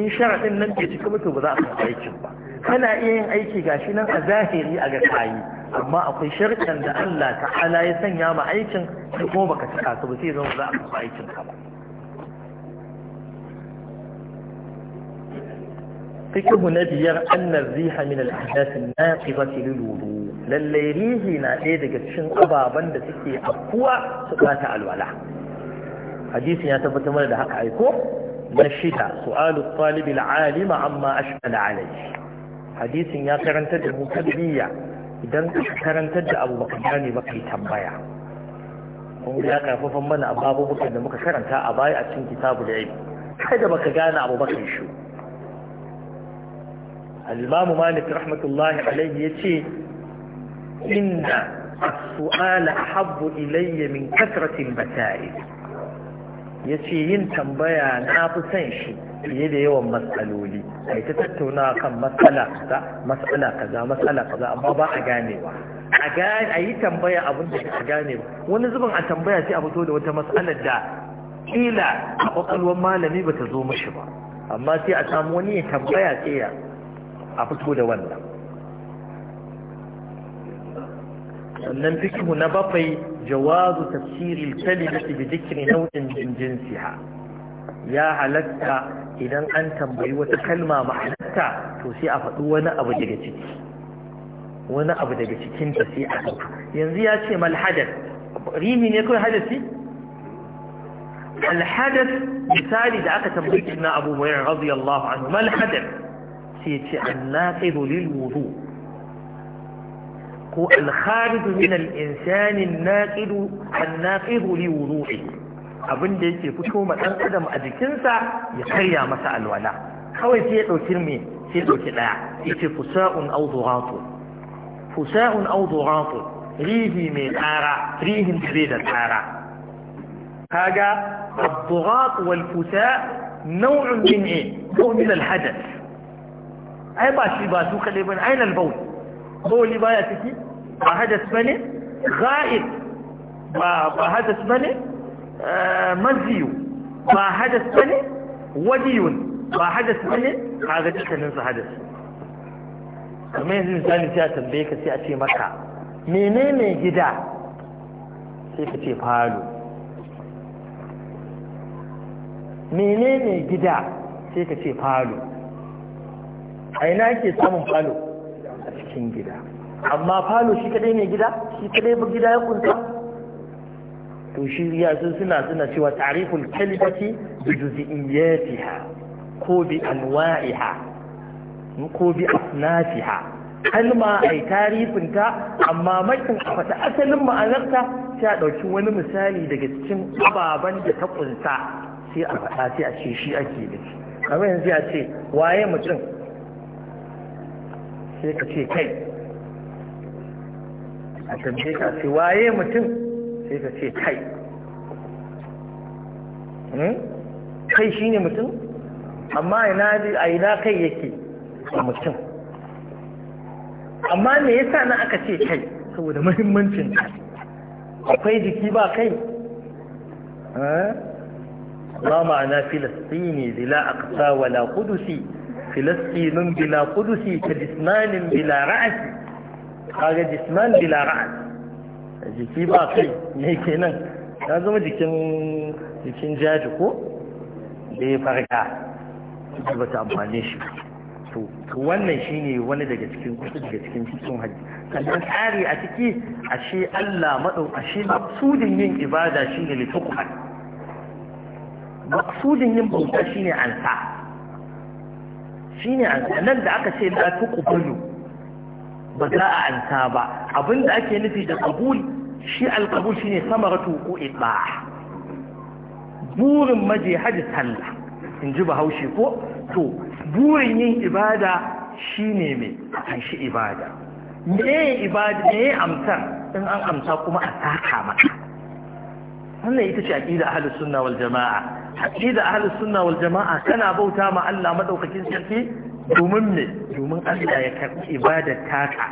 in sharaɗin nan ke cika mutu ba za a karɓi aikin ba kana iya yin aiki gashi nan a zahiri a ga kayi amma akwai sharkan da Allah ta'ala ya sanya ma aikin da kuma baka cika su ba sai zama za a kuma aikin ka ba fikihu na biyar annar riha min al-ahdathin naqibati lil wudu lalle rihi na ɗaya daga cikin ababen da suke afkuwa su bata alwala hadisin ya tabbatar mana da haka aiko na shida su'alu talibi alima amma ashkala alayhi hadisin ya karantar da mu tarbiyya idan ka karantar da abu baka gane ba kai tambaya kun ya karfafan mana ababubukan da muka karanta a baya a cikin kitabu da yayi kada baka gane abu baka shi al-imamu malik rahmatullahi alaihi yace inna as-su'ala habbu ilayya min kasrati al yace yin tambaya na fi son shi fiye da yawan matsaloli a yi ta tattauna kan matsala kaza matsala kaza matsala kaza amma ba a ganewa a gane a yi tambaya abin da ka gane wani zubin a tambaya sai a fito da wata matsala da kila a kwakwalwar malami ba ta zo mashi ba amma sai a samu wani ya tambaya sai a fito da wannan sannan fikihu na bakwai jawazu tafsiril kalimati bi dhikri naw'in min jinsiha ya halatta idan an tambayi wata kalma ma'anarta to sai a faɗi wani abu daga ciki wani abu daga cikinta sai a ɗauka yanzu ya ce malhadar rimi ne kawai hadasi alhadar misali da aka tambayi na abu hurairar radiyallahu anhu malhadar sai ce an naqidu lil wudu ko alkharidu min al-insani an-naqidu an-naqidu li wudu'ihi abin da yake fito ma dan adam a jikinsa ya karya masa alwala kawai sai ya dauki me sai dauki daya yace fusa'un aw zuratu fusa'un aw zuratu rihi mai tsara rihin da da tsara kaga abdurat wal fusa nau'un min e ko min al hadath ai ba shi ba su kadai bane ai nan bawl bawli baya ciki ba hadath bane ghaib ba ba hadath bane maziyu ba hadas ba ne wadiyun ba hadas ba ne a ga dukkaninsu hadas kamar yanzu misali sai a tambaye ka sai a ce maka menene gida sai ka ce falo menene gida sai ka ce falo a ina ke samun falo a cikin gida amma falo shi kadai ne gida shi kadai ba gida ya kunta to shi ya sun suna suna cewa tariful kalimati bi juz'iyatiha ko bi anwa'iha ko bi asnafiha kalma ai tarifin ta amma makin a fata asalin ma'anarta ta dauki wani misali daga cikin ababan da ta kunsa sai a fata sai a ce shi ake da shi kamar yanzu ya ce waye mutum sai ka ce kai a tambaye ka ce waye mutum sai ka ce kai hmm? kai shi ne mutum amma a ina kai yake a mutum amma me yasa na aka ce kai saboda muhimmancin akwai jiki ba kai ما معنى فلسطيني بلا أقصى ولا قدسي فلسطين بلا قدسي كجسمان بلا رأس هذا جسمان بلا jiki ba kai ne kenan ya zama jikin jikin jaji ko da ya farka da ba ta amfani shi to wannan shine wani daga cikin kusa daga cikin cikin hajji sannan tsari a ciki ashe Allah maɗau ashe maksudin yin ibada shine litukuma maksudin yin bauta shine ansa shine sa nan da aka ce la tuqbalu ba za a ansa ba abinda ake nufi da kabul shi alkabul shine samaratu ko itba'a burin maje hajji talla in ji bahaushe ko to burin yin ibada ne mai a shi ibada me ibada me amsar in an amsa kuma a saka maka wannan ita ce aqida ahlus sunna wal jamaa aqida ahlus sunna wal jamaa kana bauta ma Allah madaukakin sarki domin me domin Allah ya karɓi ibadar taka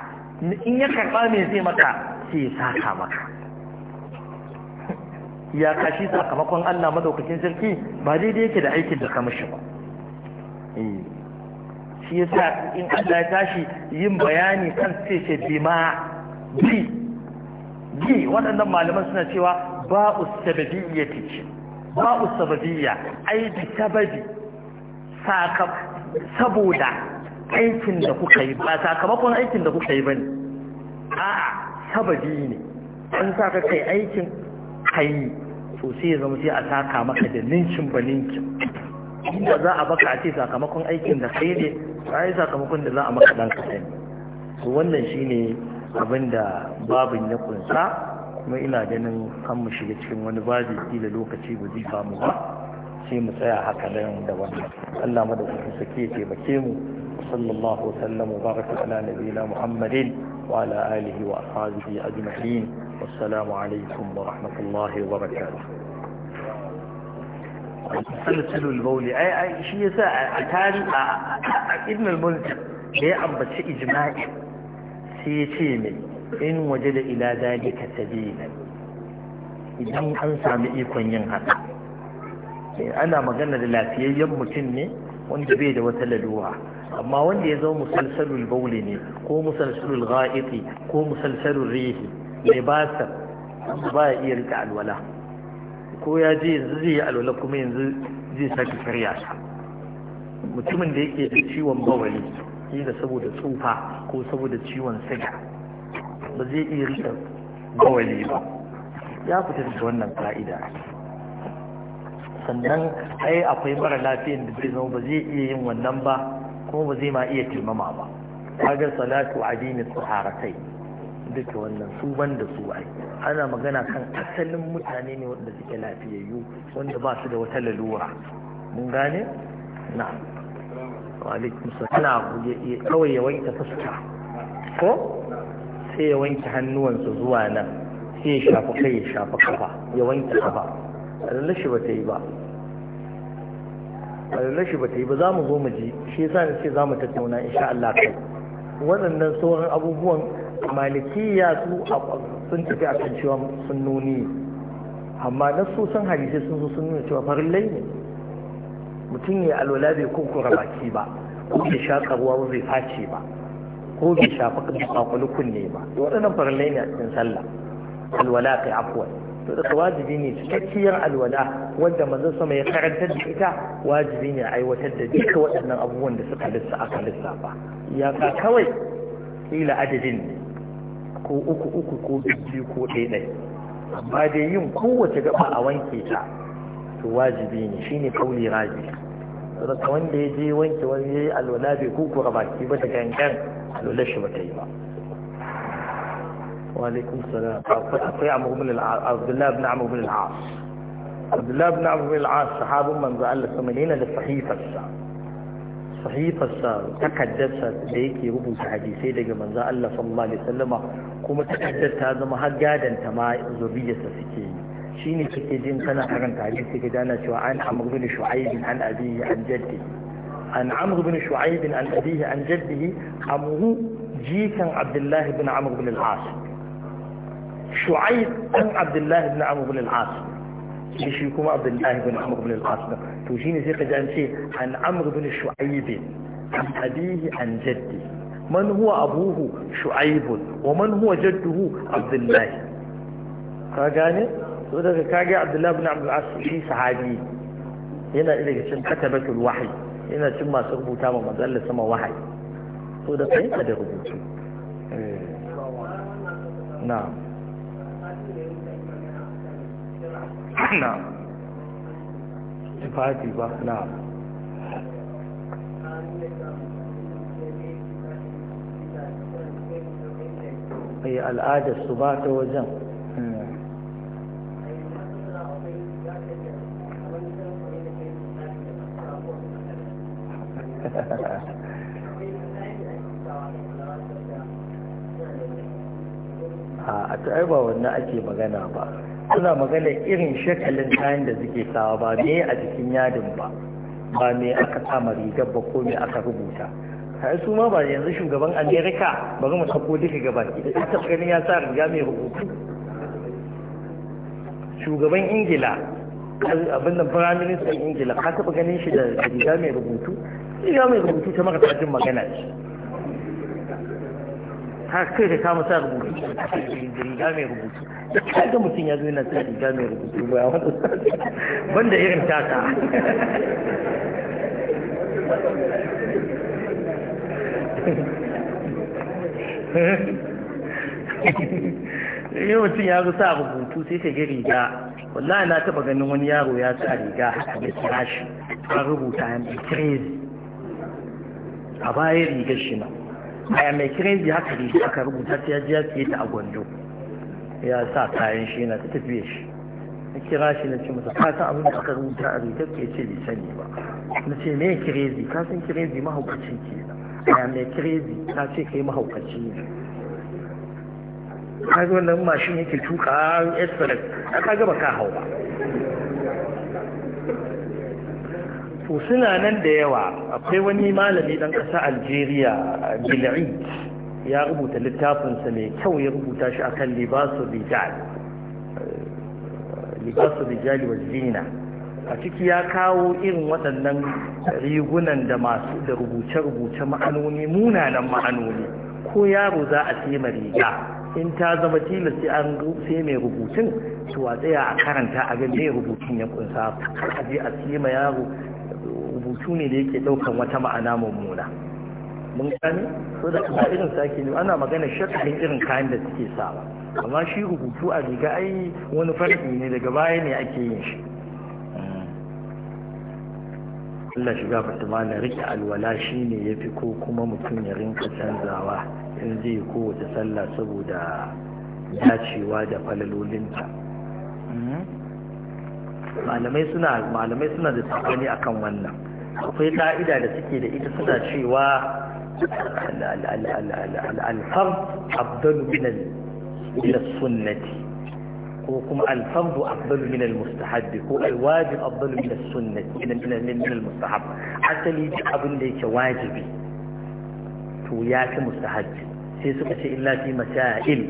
in ya karɓa me zai maka sai ya saka maka ya kashi sakamakon Allah madaukakin sarki ba daidai yake da aikin da ka mishi ba eh. shi yasa in Allah ya tashi yin bayani kan sai ce bima bi bi waɗannan malaman suna cewa ba'u sababiyyati ba'u sababiyya ai bi sababi saboda aikin da kuka yi ba sakamakon aikin da kuka yi ba ne a'a sababi ne an sa ka kai aikin kai to sai ya zama sai a saka maka da ninkin ba ninkin inda za a baka a ce sakamakon aikin da kai ne yi sakamakon da za a maka dan kaɗan to wannan shi ne abin da babin ya kunsa kuma ina ganin kan mu shiga cikin wani babi kila lokaci ba zai samu ba sai mu tsaya haka nan da wannan Allah madaukakin sake ya taimake mu sallallahu wasallam wa baraka ala nabiyina muhammadin wa ala alihi wa ashabihi ajma'in wassalamu alaikum wa rahmatullahi wa barakatuh سلسل البول اي اي شيء يسا اتاري ابن الملك ليه ام بس اجماعي سيتيمي ان وجد الى ذلك سبيلا idan an sami ikon yin haka ana magana da lafiyayyen mutum ne wanda bai da wata laluwa amma wanda ya zama musalsalul bauli ne ko musalsalul gha'iti ko musalsalul rihi mai basa ba ya iya rika alwala ko ya je yanzu zai yi alwala kuma yanzu zai sake karya ta mutumin da yake da ciwon bawali da saboda tsufa ko saboda ciwon siga ba zai iya rika bawali ba ya fita da wannan fa'ida. sannan ai akwai mara lafiyan da zai zama ba zai iya yin wannan ba kuma ba zai ma iya tilmama ba kaga salatu adini tsuharatai duka wannan su ban da su ai ana magana kan asalin mutane ne wanda suke lafiyayyu wanda ba su da wata lalura mun gane na alaikum salam kawai ya wanke fuska ko sai ya wanke hannuwansa zuwa nan sai ya shafi kai ya shafi kafa ya wanke kafa alallashi ba ta yi ba alallashi ba ta yi ba za mu zo mu ji shi yasa ne ce za mu tattauna insha Allah kai waɗannan sauran abubuwan malikiyya su sun tafi akan cewa sunnoni amma na su san hadisai sun zo sun nuna cewa farillai ne mutum ya alwala bai kokura baki ba ko bai shaƙa ruwa bai face ba ko bai shafa kwakwalukun ne ba waɗannan farillai ne a cikin sallah alwala kai afuwa to da wajibi ne cikakkiyar alwala wanda manzon sama ya karantar da ita wajibi ne aiwatar da duka waɗannan abubuwan da suka lissa aka lissafa iyaka kawai kila adadin ko uku uku ko biyu ko ɗaya ɗaya amma da yin kowace gaba a wanke ta to wajibi ne shine kauli raji saboda wanda ya je wanke wani alwala bai kukura baki ba da gangan alwala shi ba ta yi ba وعليكم السلام أخي عمرو بن عبد الله بن عمرو بن العاص عبد الله بن عمرو بن العاص صحاب من زعل ثمانين لصحيفة الساعة صحيفة الساعة تكدسة ديك يربو حديثي ديك من زعل صلى الله عليه وسلم كما تكدسة هذا ما هجادا تما زرية سكي شيني كي جين كان حقا تعليم كدانا سوى عن عمرو بن شعيب عن أبيه عن جده عن عمرو بن شعيب عن أبيه عن جده عمرو جيكا عبد الله بن عمرو بن العاص شعيب ام عبد الله بن عمرو بن العاص ليش يكون عبد الله بن عمرو بن العاص توجيني زي قد عن عمرو بن شعيب عن أبيه عن جده من هو أبوه شعيب ومن هو جده عبد الله فقاني له كاجي عبد الله بن عبد العاص شيء صحابي هنا إذا كان كتبة الوحي هنا ثم سقبوا تاما ما زال سما وحي وده فين هذا نعم نعم شفاعتي با نعم هي الآدى الصباط وزن ah, a tsaye ba wannan ake suna magana irin shekalin kayan da suke sawa ba me a jikin yadin ba ba me aka sama rigar ba ko me aka rubuta kai su ma ba yanzu shugaban amerika ba mu sako duka gaba da ta ganin ya sa riga mai rubutu shugaban ingila abin da minister ingila ka taɓa ganin shi da riga mai rubutu riga mai rubutu ta marasa jin magana shi har kai ka kama sa rubutu riga mai rubutu kaga mutum ya zo yana sa riga mai rubutu ba ya wani banda irin taka yau mutum ya zo sa rubutu sai ka ga riga wallahi na taba ganin wani yaro ya sa riga a da kira shi an rubuta yan crazy a baya rigar shi ma aya mai kirezi haka ne aka rubuta ta yaji ya siye ta a gwando ya sa kayan shi na ta tafiye shi na kira shi na ce masa ka san abin da aka rubuta a rikar ke ce bai sani ba na ce me kirezi ka san kirezi mahaukaci ke aya mai kirezi ka ce kai mahaukaci ne ka zo nan mashin yake tuka express a ka gaba ka hau ba to suna nan da yawa akwai wani malami dan kasa algeria bil'i ya rubuta littafinsa mai kyau ya rubuta shi akan libasu rijal eh, libasu wa zina a ciki ya kawo irin waɗannan rigunan da masu da rubuce-rubuce ma'anoni munanan ma'anoni ko yaro za a sema riga in ta zama tilas sai an sai mai rubutun to a tsaya a karanta a ga mai rubutun ya kunsa a je a sema yaro rubutu ne da yake daukan wata ma'ana mummuna mun gani so da ba irin sake ne ana magana shakkin irin kayan da suke sawa amma shi rubutu a riga ai wani farki ne daga baya ne ake yin shi Allah shiga fatima na rike alwala shi ne ya fi ko kuma mutum ya rinka canzawa in zai wata sallah saboda dacewa da falalolinta hmm? malamai suna da tsakani akan wannan akwai ka'ida da suke da ita suna cewa alfar abdalu min sunnati ko kuma alfardu afdalu min almustahab ko alwajib afdalu min as-sunnah min min almustahab asali abin da yake wajibi to ya fi mustahab sai suka ce illa fi masail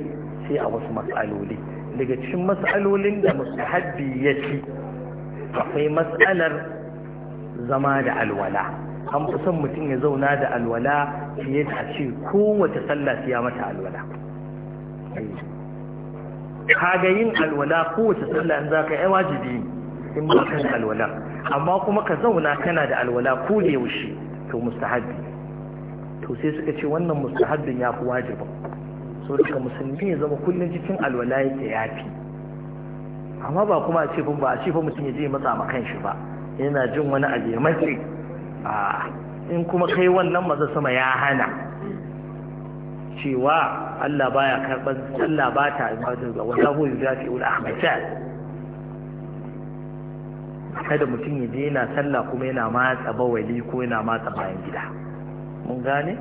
sai a wasu mas'aloli daga cikin mas'alolin da mustahabbi ya ci akwai mas'alar zama da alwala an fi son mutum ya zauna da alwala fiye da a ce kowace sallah ya mata alwala kaga yin alwala kowace sallah in za ka yi wajibi in ba kan alwala amma kuma ka zauna kana da alwala ko da yaushe to mustahabbi to sai suka ce wannan mustahabbin ya fi wajibin so daga musulmi ya zama kullum cikin alwala yake yafi amma ba kuma a ce ba a ce fa mutum ya je matsa ma kanshi ba yana jin wani abu ya matse a in kuma kai wannan maza sama ya hana cewa Allah baya karɓar Allah ba ta ibadar ga wanda da zafi ul ahmata kada mutum ya je sallah kuma yana matsa bawali ko yana matsa bayan gida mun gane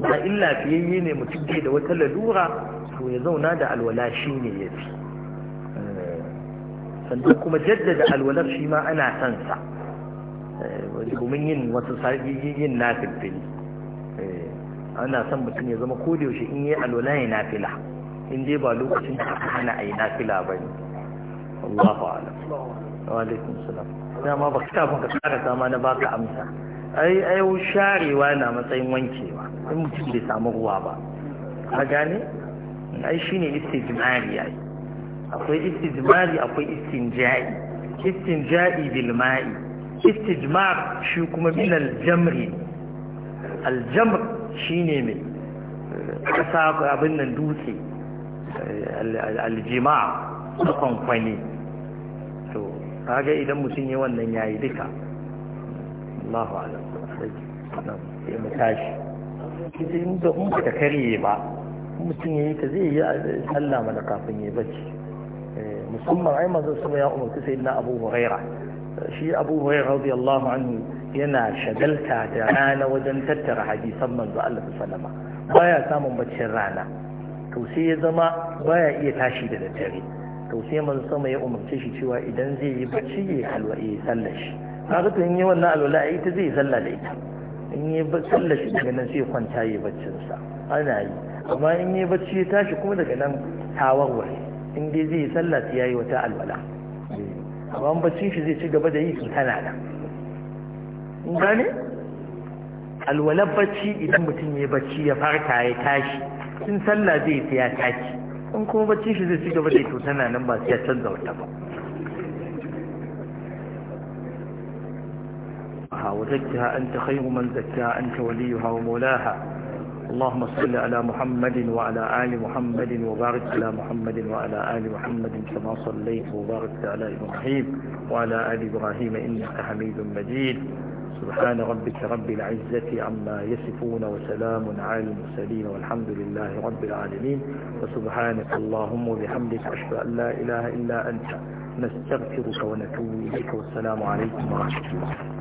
ba illa fiye ne mutum ke da wata lalura to ya zauna da alwala shi ne ya fi. sannan kuma jaddada alwalar shi ma ana son sa eh, domin yin wasu yin nafilfili eh, ana son mutum ya zama ko da in yi alwala ya nafila in dai ba lokacin da aka hana a yi nafila ba ne Allahu wa salam dama ba ka kara sama na baka amsa ai ai sharewa na matsayin wankewa in mutum bai samu ruwa ba ka gane ai shine istijmari yayi akwai istijmari akwai istinja'i istinja'i bilma'i ma'i istijmar shi kuma min aljamri aljamr shine mai kasa abin nan dutse aljima na kwankwani to kaga idan mutum yi wannan yayi duka Allahu a'lam sai mu tashi in ba ta karye ba mutum ya yi ta zai yi sallah mana kafin ya bacci musamman ai manzo sama ya umarci sayyidina Abu Huraira shi Abu Huraira radiyallahu anhu yana shagalta da rana wajen tattara hadisan manzo Allah sallama baya samun baccin rana to sai ya zama baya iya tashi da daddare to sai manzo sama ya umarci shi cewa idan zai yi bacci ya halwa ya sallar shi kaga to in yi wannan alwala ai ta zai sallah da ita in yi sallar shi daga nan sai kwanta yi baccin sa ana yi amma in yi bacci ya tashi kuma daga nan warware. in dai zai yi sallah sai yayi wata alwala amma in bacci shi zai ci gaba da yi su tana da gane alwala bacci idan mutum ya bacci ya farka ya tashi sun sallah zai sai ya tashi in kuma bacci shi zai ci gaba da su tana nan ba su ya canza wata ba وزكها أنت an ta waliyu أنت wa ومولاها اللهم صل على محمد وعلى آل محمد وبارك على محمد وعلى آل محمد كما صليت وباركت على إبراهيم وعلى آل إبراهيم إنك حميد مجيد سبحان ربك رب العزة عما يصفون وسلام على المرسلين والحمد لله رب العالمين وسبحانك اللهم وبحمدك أشهد أن لا إله إلا أنت نستغفرك ونتوب إليك والسلام عليكم ورحمة الله